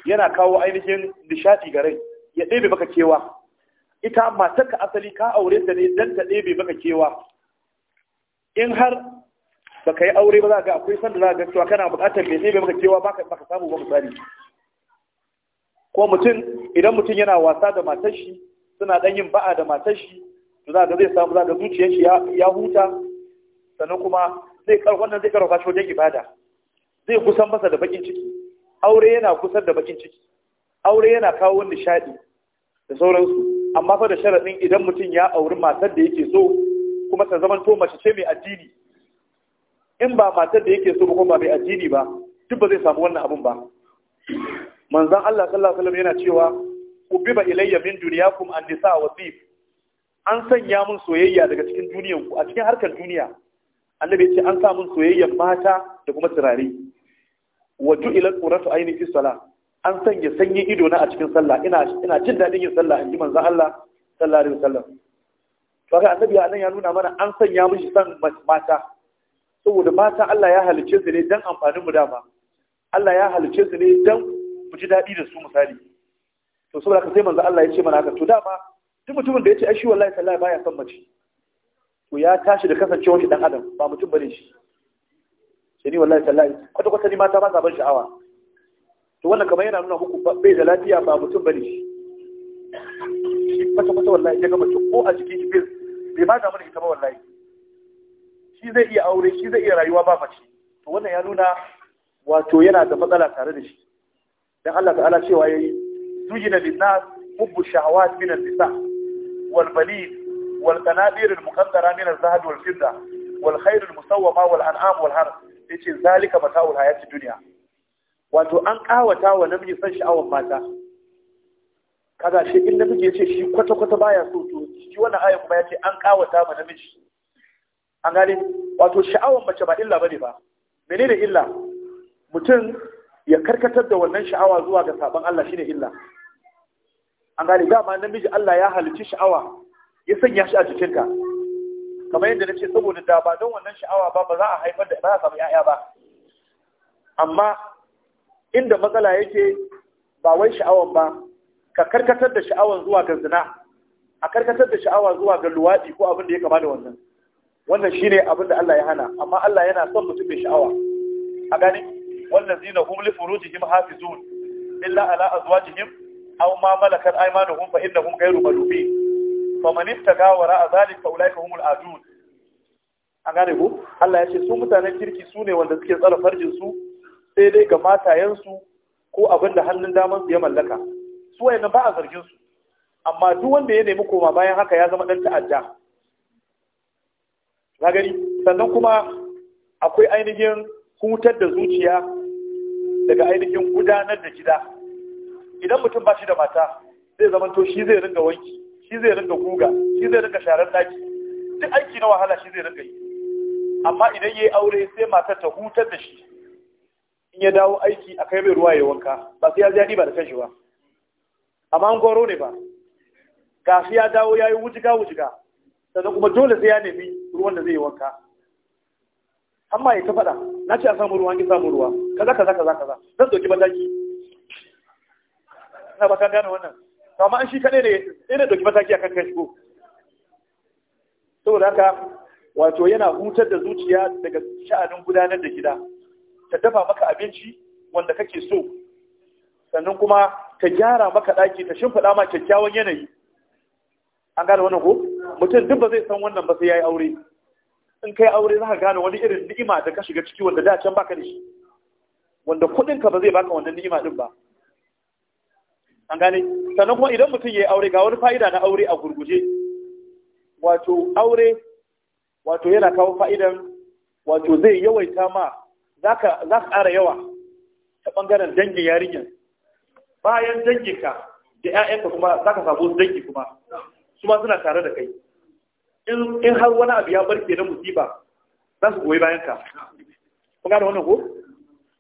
[SPEAKER 2] yana kawo ainihin nishaɗi ga rai ya ɗebe baka kewa ita matar ka asali ka aure ta ne dan ta ɗebe baka kewa in har baka yi aure ba za ga akwai sanda za ga cewa kana buƙatar mai ɗebe baka kewa baka samu ba misali ko mutum idan mutum yana wasa da matar shi suna dan yin ba'a da matar shi to za ga zai samu za ga zuciyar shi ya huta sannan kuma zai zai karfafa shi wajen ibada zai kusan masa da bakin ciki aure yana kusan da bakin ciki aure yana kawo nishadi da sauransu amma fa da sharadin idan mutum ya auri matar da yake so kuma ta to mace ce mai addini in ba matar da yake so ba kuma mai addini ba duk ba zai samu wannan abun ba Manzan Allah sallallahu alaihi wasallam yana cewa ubiba ilayya min dunyakum an-nisa wa dhif an sanya mun soyayya daga cikin duniyan ku a cikin harkar duniya annabi ya ce an sa mun soyayya mata da kuma turare wa ila qurratu ayni fi salat an sanya sanyin ido na a cikin sallah ina ina jin dadin yin sallah inji manzan Allah sallallahu alaihi wasallam to ga annabi ya nan ya nuna mana an sanya mishi san mata saboda mata Allah ya halicce su ne dan amfanin mu dama Allah ya halicce su ne dan mu ji daɗi da su misali to saboda ka sai manzo Allah ya ce mana haka to dama duk mutumin da ya ce ai shi wallahi sallahi baya son mace to ya tashi da kasancewar shi dan adam ba mutum bane shi sai ni wallahi sallahi kwata kwata ni mata ba sa ban sha'awa to wannan kamar yana nuna muku bai da lafiya ba mutum bane shi kwata kwata wallahi daga mutum ko a cikin shi bai ma da mana ita ba wallahi shi zai iya aure shi zai iya rayuwa ba mace to wannan ya nuna wato yana da matsala tare da shi dan Allah ta'ala cewa yayi zujina linnas hubbu shahawat min an-nisa wal balid wal qanadir al-muqaddara min az-zahab wal fidda wal khayr al-musawwama wal an'am wal harth yace zalika mata'ul hayati dunya wato an kawata wa namiji san sha'awar mata kaga shi inda kuke yace shi kwata kwata baya so to shi wannan aya kuma yace an kawata ma namiji an gane wato sha'awar mace ba illa bane ba menene illa mutum ya karkatar da wannan sha'awa zuwa ga saban Allah shine illa an gane dama namiji Allah ya halicci sha'awa ya sanya shi a jikinka kamar yadda nace saboda da ba don wannan sha'awa ba ba za a haifar da ba za a samu yaya ba amma inda matsala yake ba wai sha'awan ba ka karkatar da sha'awan zuwa ga zina a karkatar da sha'awa zuwa ga luwaɗi, ko abin da ya kama da wannan wannan shine abin da Allah ya hana amma Allah yana son mutum mai sha'awa a gane wallazina hum li furujihim hafizun illa ala azwajihim aw ma malakat aymanuhum fa innahum ghayru malubi faman ittaqa wara zalika fa an gane ko Allah ya ce su mutanen kirki su ne wanda suke tsara farjin su sai dai ga matayensu ko abin da hannun daman su ya mallaka su wayannan ba a zargin su amma duk wanda ya nemi koma bayan haka ya zama dan ta'adda na gani sannan kuma akwai ainihin hutar da zuciya daga ainihin gudanar da gida idan mutum ba shi da mata zai zamanto shi zai ringa wanki shi zai ringa guga shi zai ringa sharar daki duk aiki na wahala shi zai ringa yi amma idan yayi aure sai matar ta hutar da shi in ya dawo aiki a kai mai ruwa ya wanka ba sai ya ji ba da kanshi ba amma an goro ne ba gashi ya dawo yayi wujiga wujiga sannan kuma dole sai ya nemi ruwan da zai yi wanka amma ya ta faɗa na ce a samu ruwa an ki samu ruwa kaza kaza kaza kaza zan doki mataki ina ba ka gane wannan to amma an shi kadai ne ina doki mataki akan kai shigo saboda haka wato yana hutar da zuciya daga sha'anin gudanar da gida ta dafa maka abinci wanda kake so sannan kuma ta gyara maka daki ta shimfiɗa ma kyakkyawan yanayi an gane wannan ko mutum duk ba zai san wannan ba sai yayi aure in kai aure za ka gane wani irin ni'ima da ka shiga ciki wanda da can baka da shi wanda kuɗin ka ba zai baka wannan ni'ima din ba an gane sannan kuma idan mutum ya yi aure ga wani fa'ida na aure a gurguje wato aure wato yana kawo fa'idan wato zai yawaita ma za ka ƙara yawa ta bangaren dangin yarinyar bayan dangin ka da 'ya'yanka kuma za samu dangi kuma su ma suna tare da kai in har wani abu ya barke na musiba za su goyi bayan ka. kun gane wannan ko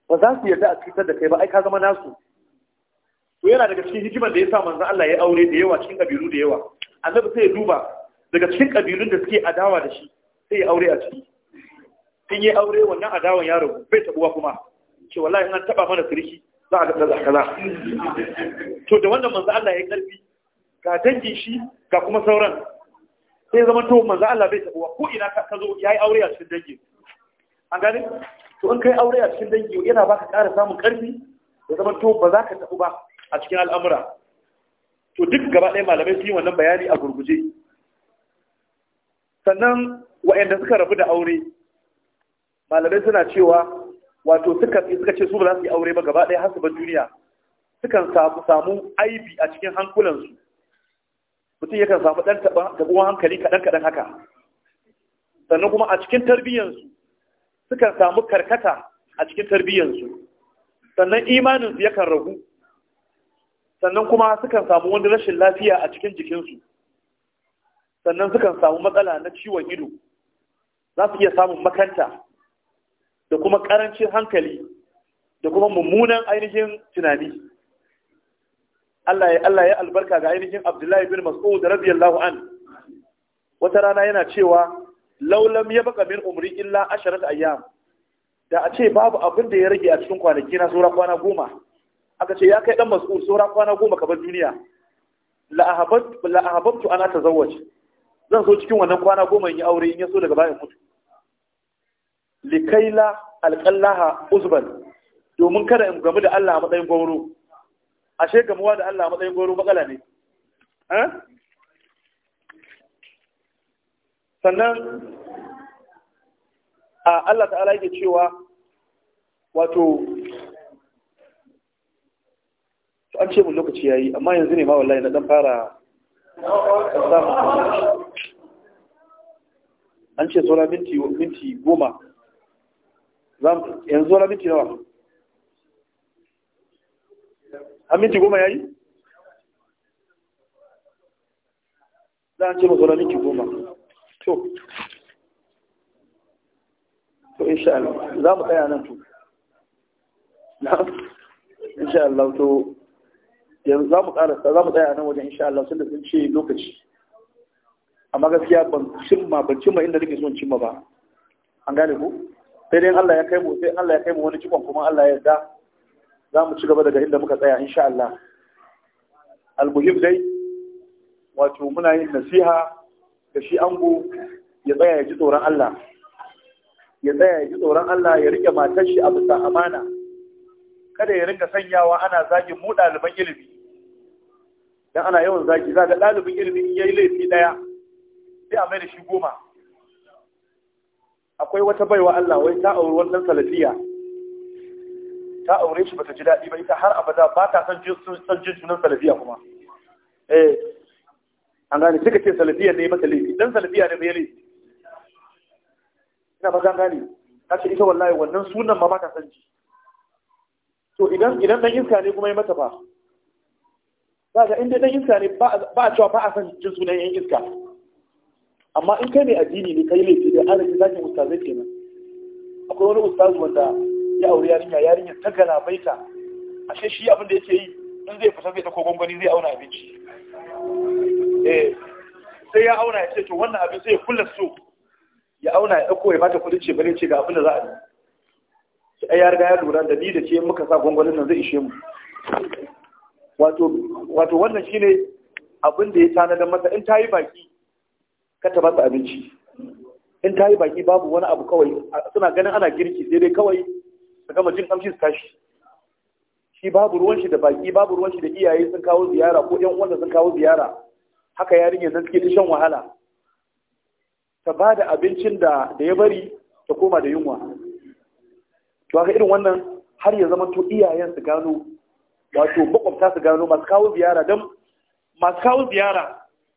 [SPEAKER 2] ba za su yarda a cutar da kai ba ai ka zama nasu to yana daga cikin hikimar da ya sa manzon Allah ya aure da yawa cikin kabilu da yawa annabi sai ya duba daga cikin kabilun da suke adawa da shi sai ya aure a ciki in yi aure wannan adawan ya rabu bai tabuwa kuma ce wallahi in an taba mana sirki za a ga kaza to da wannan manzo Allah ya karfi ga dangin shi ga kuma sauran sai zama to manzo Allah bai tabuwa ko ina ka zo yayi aure a cikin dangin an gane to in kai aure a cikin dangi yana baka ƙara samun ƙarfi da zaman to ba za ka tafi ba a cikin al'amura to duk gaba ɗaya malamai sun yi wannan bayani a gurguje sannan wa'anda suka rabu da aure malamai suna cewa wato suka suka ce su ba za su yi aure ba gaba ɗaya har su bar duniya sukan samu samu aibi a cikin hankulansu mutum yakan samu ɗan taɓa taɓuwan hankali kaɗan-kaɗan haka sannan kuma a cikin tarbiyyansu sukan samu karkata a cikin tarbiyyansu sannan imaninsu yakan ragu sannan kuma sukan samu wani rashin lafiya a cikin jikinsu sannan sukan samu matsala na ciwon ido za su iya samun makanta da kuma ƙarancin hankali da kuma mummunan ainihin tunani Allah ya albarka ga ainihin Abdullahi bin Mas'ud radiyallahu an wata rana yana cewa laulam ya baka min umri illa asharat ayyam da a ce babu abin da ya rage a cikin kwanaki na saura kwana goma aka ce ya kai dan mas'ul saura kwana goma ka bar duniya la ahabat la ahabtu ana tazawwaj zan so cikin wannan kwana goma in yi aure in ya so daga bayan mutu likaila alqallaha uzban domin kada in gamu da Allah a matsayin gwauro ashe gamuwa da Allah a matsayin gwauro matsala ne eh sannan a Allah ta'ala yake cewa wato an ce mun lokaci yayi amma yanzu ne ma wallahi na dan fara an ce tsora minti minti goma yanzu tsora minti nawa a minti goma yayi za a ce mu tsora minti goma to to insha Allah za mu tsaya nan to insha Allah to yanzu za mu karasa za mu tsaya nan wajen insha Allah sun sun ce lokaci amma gaskiya ban cimma ban cimma inda nake son cimma ba an gane ku sai dai Allah ya kai mu sai Allah ya kai mu wani cikon kuma Allah ya yarda za mu ci gaba daga inda muka tsaya insha Allah al-muhim dai wato muna yin nasiha da shi ango ya tsaya ya ji tsoron Allah ya tsaya ya ji tsoron Allah ya rike matar shi a bisa amana kada ya rinka sanyawa ana zagin mu ɗaliban ilimi dan ana yawan zagi za ga ɗalibin ilimi in yayi laifi ɗaya sai a mai da shi goma akwai wata baiwa Allah wai ta auri wannan salafiya ta aure shi bata ji daɗi ba ita har abada ba ta san jin sunan salafiya kuma eh an gane suka ce salafiyar ne masa laifi dan salafiya ne mai laifi ina ba zan gane ta ce ita wallahi wannan sunan ma mata ta san ji to idan idan dan iska ne kuma ya mata ba ba ga inda dan iska ne ba a cewa ba a san jin sunan yan iska amma in kai mai addini ne kai laifi da arziki zaki ustazai kenan akwai wani ustazu wanda ya aure yarinya yarinya ta galabaita ashe shi abin da yake yi in zai fita zai ta kogon gwani zai auna abinci Eh, sai ya auna ya ce to wannan abin sai ya kula su ya auna ya ɗauko ya ta kudin ce bare ce ga abin da za a yi shi ai ya riga ya lura da ni da ce muka sa gwangwanin nan zai ishe mu wato wato wannan shine abin da ya tanadar masa in ta yi baki ka ta basa abinci in ta yi baki babu wani abu kawai suna ganin ana girki sai dai kawai su gama jin kamshin su tashi shi babu ruwan shi da baki babu ruwan shi da iyaye sun kawo ziyara ko yan uwan sun kawo ziyara haka yarinyar nan suke shan wahala ta ba da abincin da ya bari ta koma da yunwa to haka irin wannan har ya zama to iyayen su gano wato makwabta su gano masu kawo ziyara don masu kawo ziyara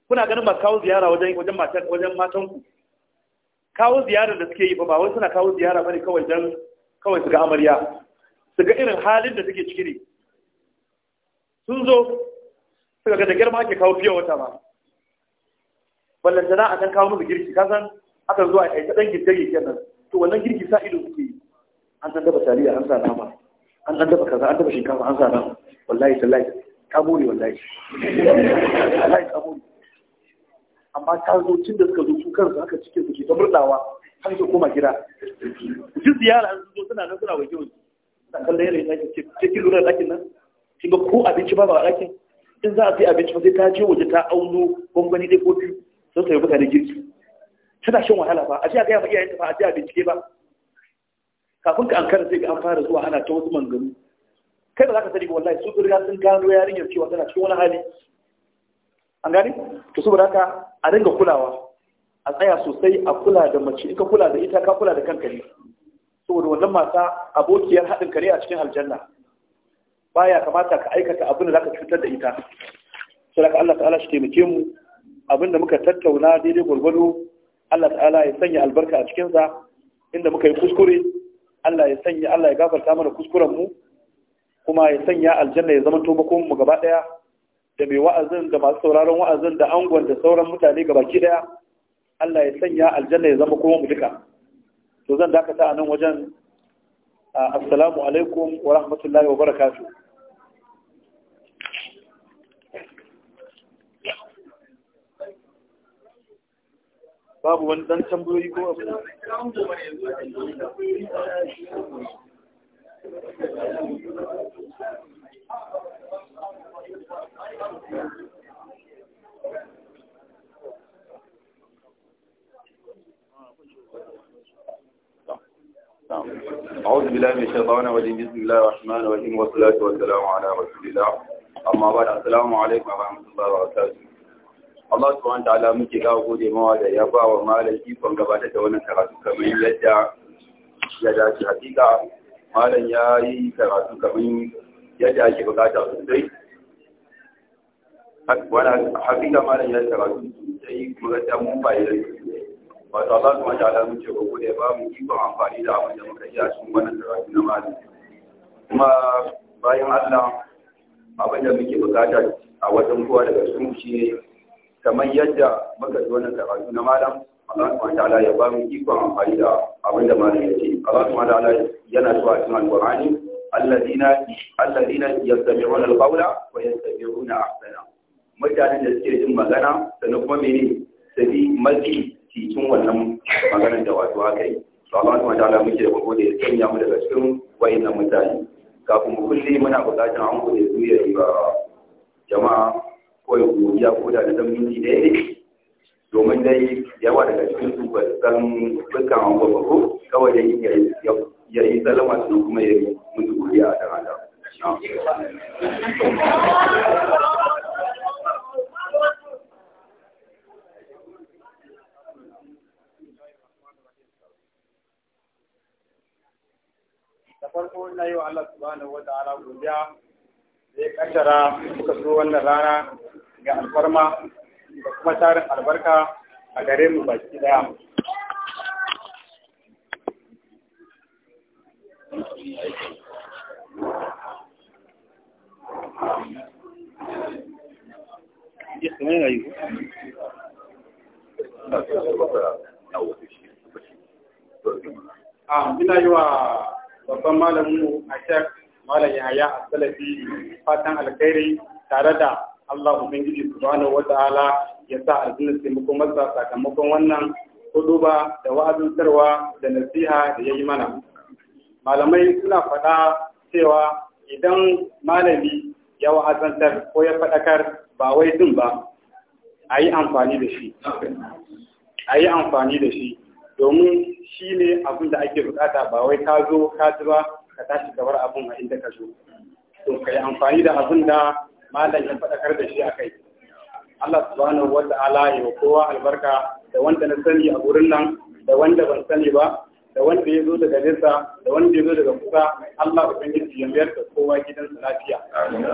[SPEAKER 2] kuna ganin masu kawo ziyara wajen wajen matan wajen matan ku kawo ziyarar da suke yi ba wai suna kawo ziyara bane kawai dan kawai su ga amarya su ga irin halin da suke ciki ne sun zo suka ga da girma ake kawo fiye wata ba na a ɗan kawo musu girki ka san aka zuwa a ta ɗan girgirgi kenan to wannan girki sa ido suke yi an ɗan dafa taliya an sa nama an ɗan dafa kaza an dafa shinkafa an sa nama wallahi tallahi ka more wallahi wallahi ka more amma ta zo tun da suka zo su kansu haka cikin su ke ta murɗawa har su koma gida ji ziyara an zo suna nan suna waje waje suna kallon yanayin ɗakin cikin lura ɗakin nan "Ki ga ko abinci ba ba ɗakin in za a sai abinci ba sai ta je waje ta auno gwangwani ɗaya ko biyu sun sai mutane girki tana shan wahala ba a jiya a gaya ma iyayenta ba a ji bincike ba kafin ka ankara sai ga an fara zuwa ana ta wasu mangaru kai ba za ka sani ba wallahi su riga sun gano yarinyar cewa tana cikin wani hali an gani to saboda haka a dinga kulawa a tsaya sosai a kula da mace in ka kula da ita ka kula da kanka ne saboda wannan mata abokiyar haɗin kare a cikin aljanna baya kamata ka aikata abin da zaka cutar da ita saboda Allah ta'ala shi taimake mu Abin da muka tattauna daidai gwargwado Allah ta'ala ya sanya albarka a cikinsa inda muka yi kuskure Allah ya sanya Allah ya gafarta mana kuskuren mu kuma ya sanya aljanna ya zama to bakon mu gaba daya da mai wa'azin da masu sauraron wa'azin da angon da sauran mutane gabaki daya Allah ya sanya aljanna ya zama kuma mu duka to zan dakata a nan wajen assalamu alaikum wa rahmatullahi wa barakatuh babu wani dan tambayoyi ko abu
[SPEAKER 3] أعوذ بالله من الشيطان الرجيم بسم الله الرحمن الرحيم والصلاة والسلام على رسول الله أما بعد السلام عليكم ورحمة الله وبركاته Allah su wanda ala muke ga gode mawa da ya ba wa malam ikon gabata da wannan karatu kamar yadda ya dace hakika malam ya yi karatu kamar yadda ake bukata sosai wani hakika malam ya yi da sosai kuma ta mun ba wato Allah su wanda ala muke ga gode ba mu ikon amfani da abin da muka iya cikin wannan karatu na malar. kuma bayan Allah abin da muke bukata a wajen kowa daga sun shi ne kamar yadda muka ji wannan karatu na malam Allah subhanahu ta'ala ya ba mu ikon amfani da abin da malam ya ce Allah subhanahu ta'ala yana cewa cikin alqur'ani alladina alladina yastami'una alqawla wa yattabi'una ahsana mutanen da suke jin magana sannan kuma mene su bi mafi cikin wannan maganar da wato aka yi to Allah subhanahu ta'ala muke da gogo da ya sanya mu daga cikin wayannan mutane kafin mu kulle muna buƙatar an gode zuriyar jama'a kawai godiya ko da da minti ɗaya ne domin dai yawa daga cikin su ba san dukkan an gwaba ko kawai dai ya yi salama su kuma ya yi musu godiya a dara
[SPEAKER 1] da farko na yi wa Allah subhanahu wa ta'ala godiya da ya suka muka zo wannan rana ga alfarma da kuma tarin albarka a gare mu baki daya.
[SPEAKER 3] Ah, ina yi wa
[SPEAKER 1] babban malamin mu a shek malam Yahaya a salafi fatan alkhairi tare da Allah Ubangiji subhanahu wata'ala ya sa aljanna taimakon masa sakamakon wannan ba da wa'azantarwa da nasiha da ya yi mana.
[SPEAKER 2] Malamai suna faɗa cewa idan malami ya wa'azantar ko ya faɗakar ba wai din ba, a yi amfani da shi. A amfani da shi, domin shi ne abin da ake bukata ba wai ka
[SPEAKER 1] zo ka ji ba ka tashi gabar abin a inda ka zo. To, ka yi amfani da abin da malam ya faɗakar da shi a kai Allah subhanahu wa ta'ala ya kowa albarka
[SPEAKER 2] da wanda na sani a wurin nan da wanda ban sani ba da wanda ya zo daga nesa da wanda ya zo daga kusa Allah ubangiji ya mayar da kowa gidansa lafiya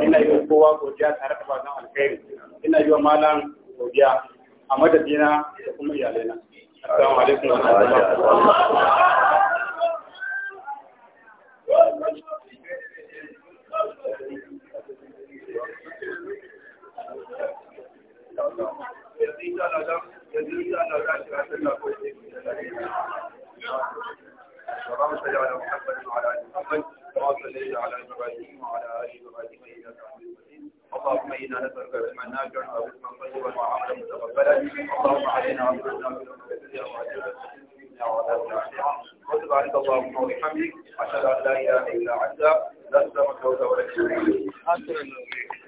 [SPEAKER 2] ina yi wa kowa godiya tare da fatan alkhairi ina yi wa malam godiya a madadina
[SPEAKER 1] da kuma iyalaina assalamu alaikum wa rahmatullahi
[SPEAKER 4] يزيد على ذلك لا تلاقوا اللهم صل على محمد وعلى ال
[SPEAKER 3] محمد كما صليت على ابراهيم وعلى ال ابراهيم انك حميد مجيد اللهم انا نسالك علما نافعا ورزقا طيبا وعملا متقبلا اللهم علينا وعلمنا وسبحانك اللهم وبحمدك
[SPEAKER 4] اشهد ان لا اله الا انت نستغفرك ونتوب اليك